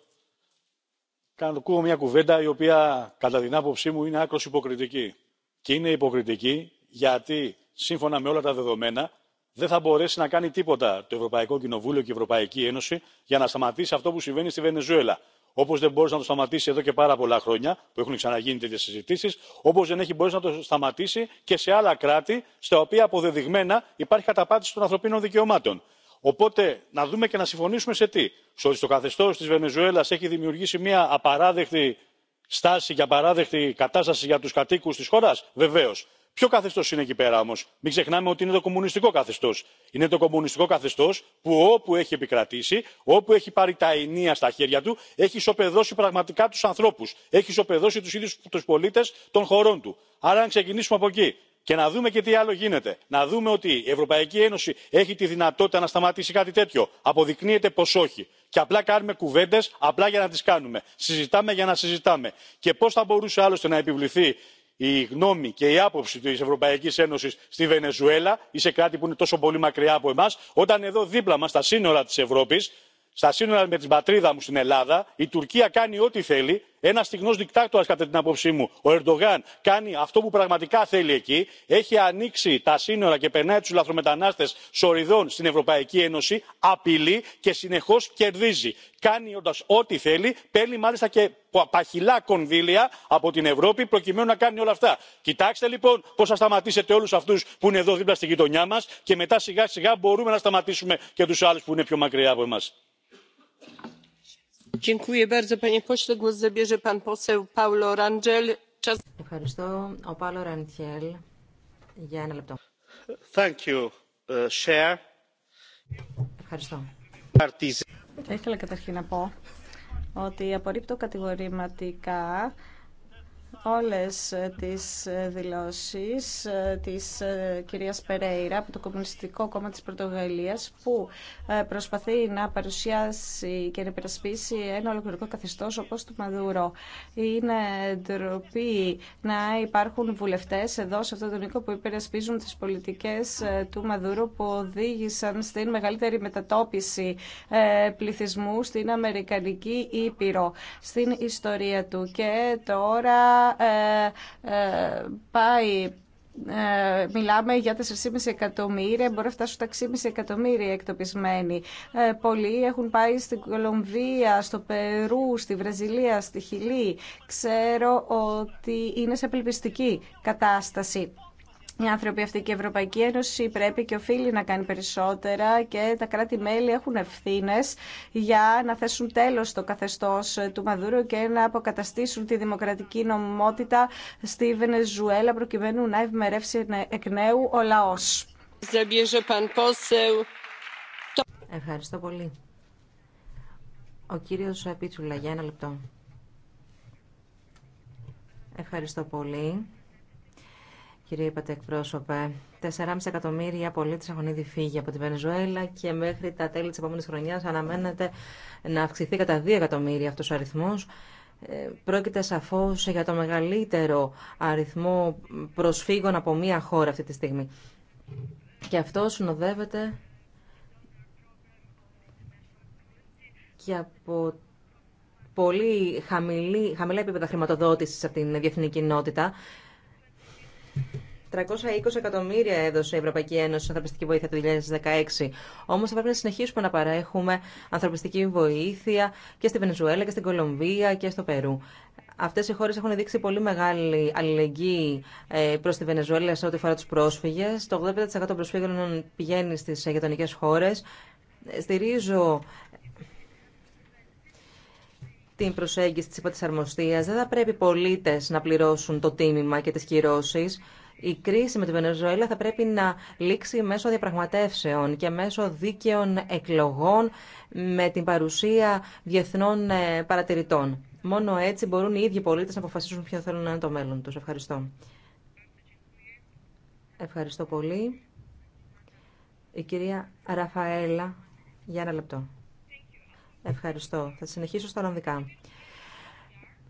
Κάνω ακούω μια κουβέντα η οποία κατά την άποψή μου είναι άκρο υποκριτική. Και είναι υποκριτική γιατί σύμφωνα με όλα τα δεδομένα δεν θα μπορέσει να κάνει τίποτα το ευρωπαϊκό κοινοβούλιο και η ευρωπαϊκή ένωση για να σταματήσει αυτό που συμβαίνει στη βενεζουέλα όπω δεν μπορούσε να το σταματήσει εδώ και πάρα πολλά χρόνια που έχουν ξαναγίνει τέτοιε συζητήσει όπω δεν έχει μπορέσει να το σταματήσει και σε άλλα κράτη στα οποία αποδεδειγμένα υπάρχει καταπάτηση των ανθρωπίνων δικαιωμάτων. οπότε να δούμε και να συμφωνήσουμε σε τι στο ότι το καθεστώ τη βενεζουέλα έχει δημιουργήσει μια απαράδεκτη στάση και απαράδεκτη κατάσταση για του κατοίκου τη χώρα βεβαίω. Ποιο καθεστώ είναι εκεί πέρα όμω, μην ξεχνάμε ότι είναι το κομμουνιστικό καθεστώ. Είναι το κομμουνιστικό καθεστώ που όπου έχει επικρατήσει, όπου έχει πάρει τα ενία στα χέρια του, έχει ισοπεδώσει πραγματικά του ανθρώπου. Έχει ισοπεδώσει του ίδιου του πολίτε των χωρών του. Άρα, να ξεκινήσουμε από εκεί και να δούμε και τι άλλο γίνεται, να δούμε ότι η Ευρωπαϊκή Ένωση έχει τη δυνατότητα να σταματήσει κάτι τέτοιο. Αποδεικνύεται πω όχι. Και απλά κάνουμε κουβέντε απλά για να τι κάνουμε. Συζητάμε για να συζητάμε. Και πώ θα μπορούσε άλλωστε να επιβληθεί η γνώμη και η άποψη τη ευρωπαϊκής Ένωση στη βενεζουέλα ή σε κράτη που είναι τόσο πολύ μακριά από εμάς όταν εδώ δίπλα μας στα σύνορα της ευρώπης στα σύνορα με την πατρίδα μου στην ελλάδα η τουρκία κάνει ό,τι θέλει ένα στιγνός δικτάτορας κατά την άποψή μου ο ερντογάν κάνει αυτό που πραγματικά θέλει εκεί έχει ανοίξει τα σύνορα και περνάει τους λαθρομετανάστες σοριδών στην ευρωπαϊκή ένωση απειλεί και συνεχώς κερδίζει. κάνει ό,τι θέλει παίρνει μάλιστα και παχυλά κονδύλια από την ευρώπη προκειμένου να κάνει όλα αυτά. κοιτάξτε λοιπόν πώς θα σταματήσετε όλους αυτούς που είναι εδώ δίπλα στη γειτονιά μας και μετά σιγά σιγά μπορούμε να σταματήσουμε και τους άλλους που είναι πιο μακριά από εμάς. Ευχαριστώ. Ο Παύλο uh, Θα ήθελα καταρχήν να πω ότι απορρίπτω κατηγορηματικά όλες τις δηλώσεις της κυρίας Περέιρα από το Κομμουνιστικό Κόμμα της Πορτογαλίας που ε, προσπαθεί να παρουσιάσει και να υπερασπίσει ένα ολοκληρωτικό καθεστώς όπως του Μαδούρο. Είναι ντροπή να υπάρχουν βουλευτές εδώ σε αυτό το νοικό που υπερασπίζουν τις πολιτικές ε, του Μαδούρου που οδήγησαν στην μεγαλύτερη μετατόπιση ε, πληθυσμού στην Αμερικανική Ήπειρο στην ιστορία του και τώρα ε, ε, πάει ε, μιλάμε για 4,5 εκατομμύρια, μπορεί να φτάσουν τα 6,5 εκατομμύρια εκτοπισμένοι. πολλοί έχουν πάει στην Κολομβία, στο Περού, στη Βραζιλία, στη Χιλή. Ξέρω ότι είναι σε απελπιστική κατάσταση οι άνθρωποι αυτοί και η Ευρωπαϊκή Ένωση πρέπει και οφείλει να κάνει περισσότερα και τα κράτη-μέλη έχουν ευθύνε για να θέσουν τέλο στο καθεστώ του Μαδούρου και να αποκαταστήσουν τη δημοκρατική νομιμότητα στη Βενεζουέλα προκειμένου να ευμερεύσει εκ νέου ο λαό. Ευχαριστώ πολύ. Ο κύριος Πίτσουλα για ένα λεπτό. Ευχαριστώ πολύ. Κύριε είπατε 4,5 εκατομμύρια πολίτε έχουν ήδη φύγει από τη Βενεζουέλα και μέχρι τα τέλη τη επόμενη χρονιά αναμένεται να αυξηθεί κατά 2 εκατομμύρια αυτό ο αριθμό. Ε, πρόκειται σαφώ για το μεγαλύτερο αριθμό προσφύγων από μία χώρα αυτή τη στιγμή. Και αυτό συνοδεύεται και από πολύ χαμηλή, χαμηλά επίπεδα χρηματοδότησης από την διεθνή κοινότητα. 320 εκατομμύρια έδωσε η Ευρωπαϊκή Ένωση ανθρωπιστική βοήθεια το 2016. Όμω θα πρέπει να συνεχίσουμε να παρέχουμε ανθρωπιστική βοήθεια και στη Βενεζουέλα και στην Κολομβία και στο Περού. Αυτέ οι χώρε έχουν δείξει πολύ μεγάλη αλληλεγγύη ε, προ τη Βενεζουέλα σε ό,τι αφορά του πρόσφυγε. Το 80% των προσφύγων πηγαίνει στι γειτονικέ χώρε. Ε, στηρίζω την προσέγγιση της υπατησαρμοστίας. Δεν θα πρέπει οι πολίτες να πληρώσουν το τίμημα και τις κυρώσεις. Η κρίση με τη Βενεζουέλα θα πρέπει να λήξει μέσω διαπραγματεύσεων και μέσω δίκαιων εκλογών με την παρουσία διεθνών ε, παρατηρητών. Μόνο έτσι μπορούν οι ίδιοι πολίτες να αποφασίσουν ποιο θέλουν να είναι το μέλλον τους. Ευχαριστώ. Ευχαριστώ πολύ. Η κυρία Ραφαέλα, για ένα λεπτό. Ευχαριστώ. Θα συνεχίσω στα Ολλανδικά.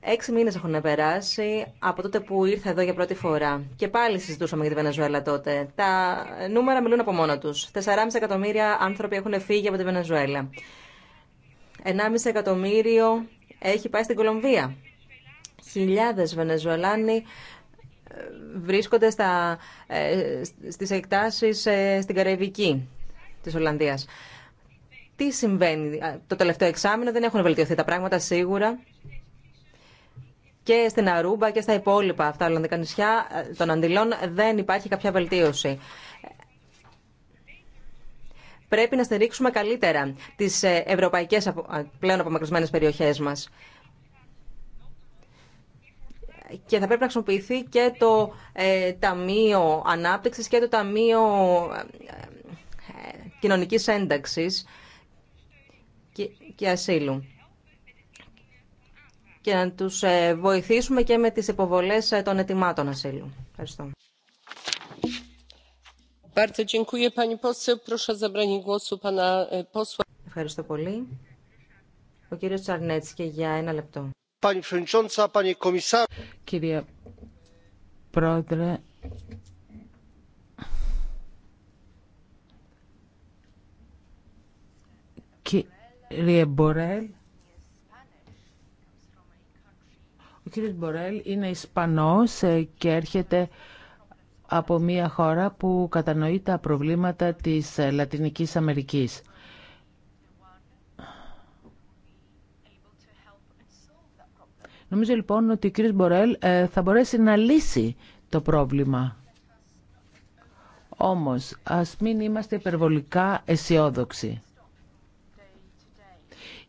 Έξι μήνε έχουν περάσει από τότε που ήρθα εδώ για πρώτη φορά. Και πάλι συζητούσαμε για τη Βενεζουέλα τότε. Τα νούμερα μιλούν από μόνα του. 4,5 εκατομμύρια άνθρωποι έχουν φύγει από τη Βενεζουέλα. 1,5 εκατομμύριο έχει πάει στην Κολομβία. Χιλιάδε Βενεζουελάνοι ε, βρίσκονται στα, ε, στις εκτάσεις ε, στην Καραϊβική της Ολλανδίας τι συμβαίνει το τελευταίο εξάμεινο. Δεν έχουν βελτιωθεί τα πράγματα σίγουρα. Και στην Αρούμπα και στα υπόλοιπα αυτά ολλανδικά νησιά ε, των αντιλών δεν υπάρχει κάποια βελτίωση. Πρέπει να στηρίξουμε καλύτερα τις ε, ευρωπαϊκές πλέον απομακρυσμένες περιοχές μας. Και θα πρέπει να χρησιμοποιηθεί και το ε, Ταμείο Ανάπτυξης και το Ταμείο ε, Κοινωνικής Ένταξης και ασύλου και να τους ε, βοηθήσουμε και με τις υποβολές ε, των ετοιμάτων ασύλου. Ευχαριστώ. E, Ευχαριστώ πολύ. Ο κύριος Τσαρνέτσκι για ένα λεπτό. Κύριε Πρόεδρε, Ο κύριος Μπορέλ είναι Ισπανός ε, και έρχεται από μια χώρα που κατανοεί τα προβλήματα της ε, Λατινικής Αμερικής. Νομίζω λοιπόν ότι ο κύριος Μπορέλ ε, θα μπορέσει να λύσει το πρόβλημα. Όμως, ας μην είμαστε υπερβολικά αισιόδοξοι.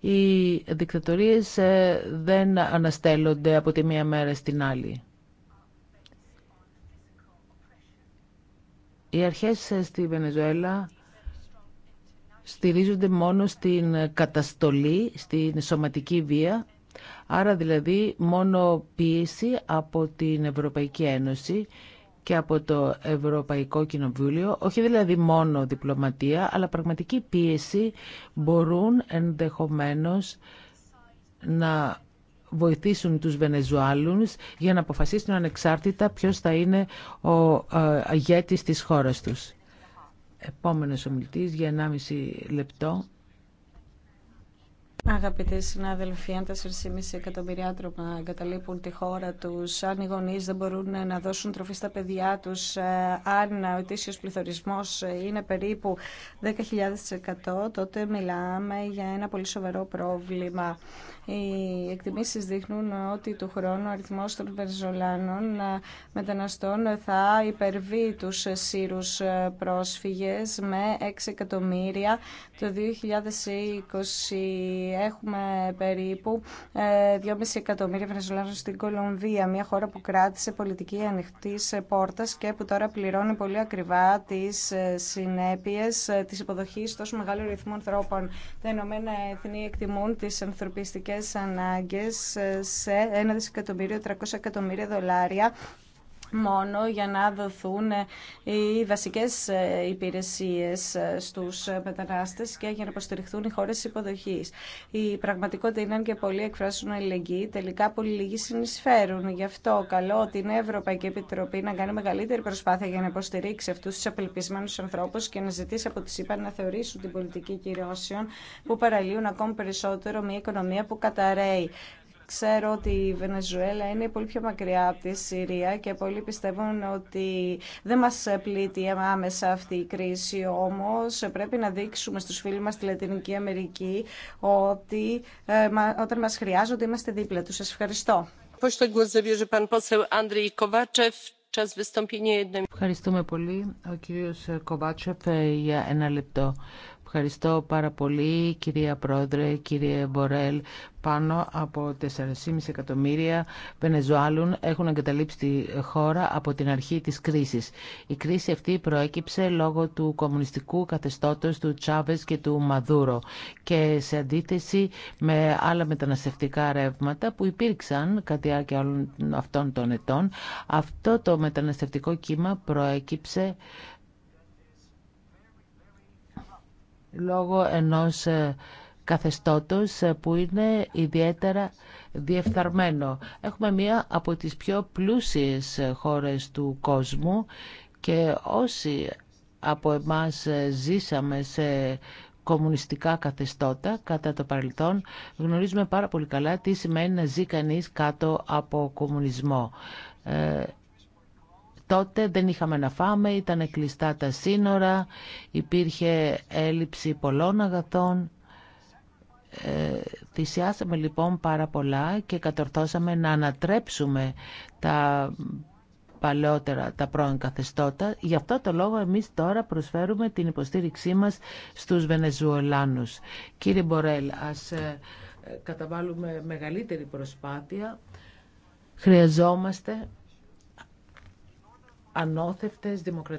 Οι δικτατορίες ε, δεν αναστέλλονται από τη μία μέρα στην άλλη. Οι αρχές ε, στη Βενεζουέλα στηρίζονται μόνο στην καταστολή, στην σωματική βία, άρα δηλαδή μόνο πίεση από την Ευρωπαϊκή Ένωση και από το Ευρωπαϊκό Κοινοβούλιο, όχι δηλαδή μόνο διπλωματία, αλλά πραγματική πίεση μπορούν ενδεχομένως να βοηθήσουν τους Βενεζουάλους για να αποφασίσουν ανεξάρτητα ποιος θα είναι ο αγέτης ε, της χώρας τους. Επόμενος ομιλητής για 1,5 λεπτό. Αγαπητοί συνάδελφοι, αν 4,5 εκατομμυρία άτομα εγκαταλείπουν τη χώρα του, αν οι γονεί δεν μπορούν να δώσουν τροφή στα παιδιά του, ε, αν ο ετήσιο πληθωρισμό είναι περίπου 10.000%, τότε μιλάμε για ένα πολύ σοβαρό πρόβλημα. Οι εκτιμήσεις δείχνουν ότι του χρόνου ο αριθμός των Βερζολάνων ε, μεταναστών θα υπερβεί τους Σύρους ε, πρόσφυγες με 6 εκατομμύρια το 2021. Έχουμε περίπου 2,5 ε, εκατομμύρια Βενεζολάνου στην Κολομβία, μια χώρα που κράτησε πολιτική ανοιχτή πόρτα και που τώρα πληρώνει πολύ ακριβά τι ε, συνέπειε ε, τη υποδοχή τόσο μεγάλου ρυθμών ανθρώπων. Τα Ηνωμένα Έθνη εκτιμούν τι ανθρωπιστικέ ανάγκε σε 1 δισεκατομμύριο 300 εκατομμύρια δολάρια μόνο για να δοθούν ε, οι βασικές ε, υπηρεσίες ε, στους μετανάστες και για να υποστηριχθούν οι χώρες υποδοχής. Η πραγματικότητα είναι αν και πολλοί εκφράσουν αλληλεγγύη, τελικά πολύ λίγοι συνεισφέρουν. Γι' αυτό καλό την Ευρωπαϊκή Επιτροπή να κάνει μεγαλύτερη προσπάθεια για να υποστηρίξει αυτούς τους απελπισμένους ανθρώπους και να ζητήσει από τις ΥΠΑ να θεωρήσουν την πολιτική κυρώσεων που παραλύουν ακόμη περισσότερο μια οικονομία που καταραίει. Ξέρω ότι η Βενεζουέλα είναι πολύ πιο μακριά από τη Συρία και πολλοί πιστεύουν ότι δεν μας πλήττει άμεσα αυτή η κρίση. Όμως πρέπει να δείξουμε στους φίλους μας στη Λατινική Αμερική ότι ε, όταν μας χρειάζονται είμαστε δίπλα τους. Σας ευχαριστώ. Ευχαριστούμε πολύ. Ο κύριος Κοβάτσεφ ε, για ένα λεπτό. Ευχαριστώ πάρα πολύ κυρία Πρόεδρε, κύριε Μπορέλ. Πάνω από 4,5 εκατομμύρια Βενεζουάλων έχουν εγκαταλείψει τη χώρα από την αρχή της κρίσης. Η κρίση αυτή προέκυψε λόγω του κομμουνιστικού καθεστώτος του Τσάβες και του Μαδούρο και σε αντίθεση με άλλα μεταναστευτικά ρεύματα που υπήρξαν κατά διάρκεια όλων αυτών των ετών. Αυτό το μεταναστευτικό κύμα προέκυψε λόγω ενός ε, καθεστώτος ε, που είναι ιδιαίτερα διεφθαρμένο. Έχουμε μία από τις πιο πλούσιες ε, χώρες του κόσμου και όσοι από εμάς ζήσαμε σε κομμουνιστικά καθεστώτα κατά το παρελθόν γνωρίζουμε πάρα πολύ καλά τι σημαίνει να ζει κάτω από κομμουνισμό. Τότε δεν είχαμε να φάμε, ήταν κλειστά τα σύνορα, υπήρχε έλλειψη πολλών αγαθών. Ε, θυσιάσαμε λοιπόν πάρα πολλά και κατορθώσαμε να ανατρέψουμε τα παλαιότερα τα πρώην καθεστώτα. Γι' αυτό το λόγο εμείς τώρα προσφέρουμε την υποστήριξή μας στους Βενεζουελάνους. Κύριε Μπορέλ, ας ε, καταβάλουμε μεγαλύτερη προσπάθεια. Χρειαζόμαστε ανώθευτες δημοκρατικές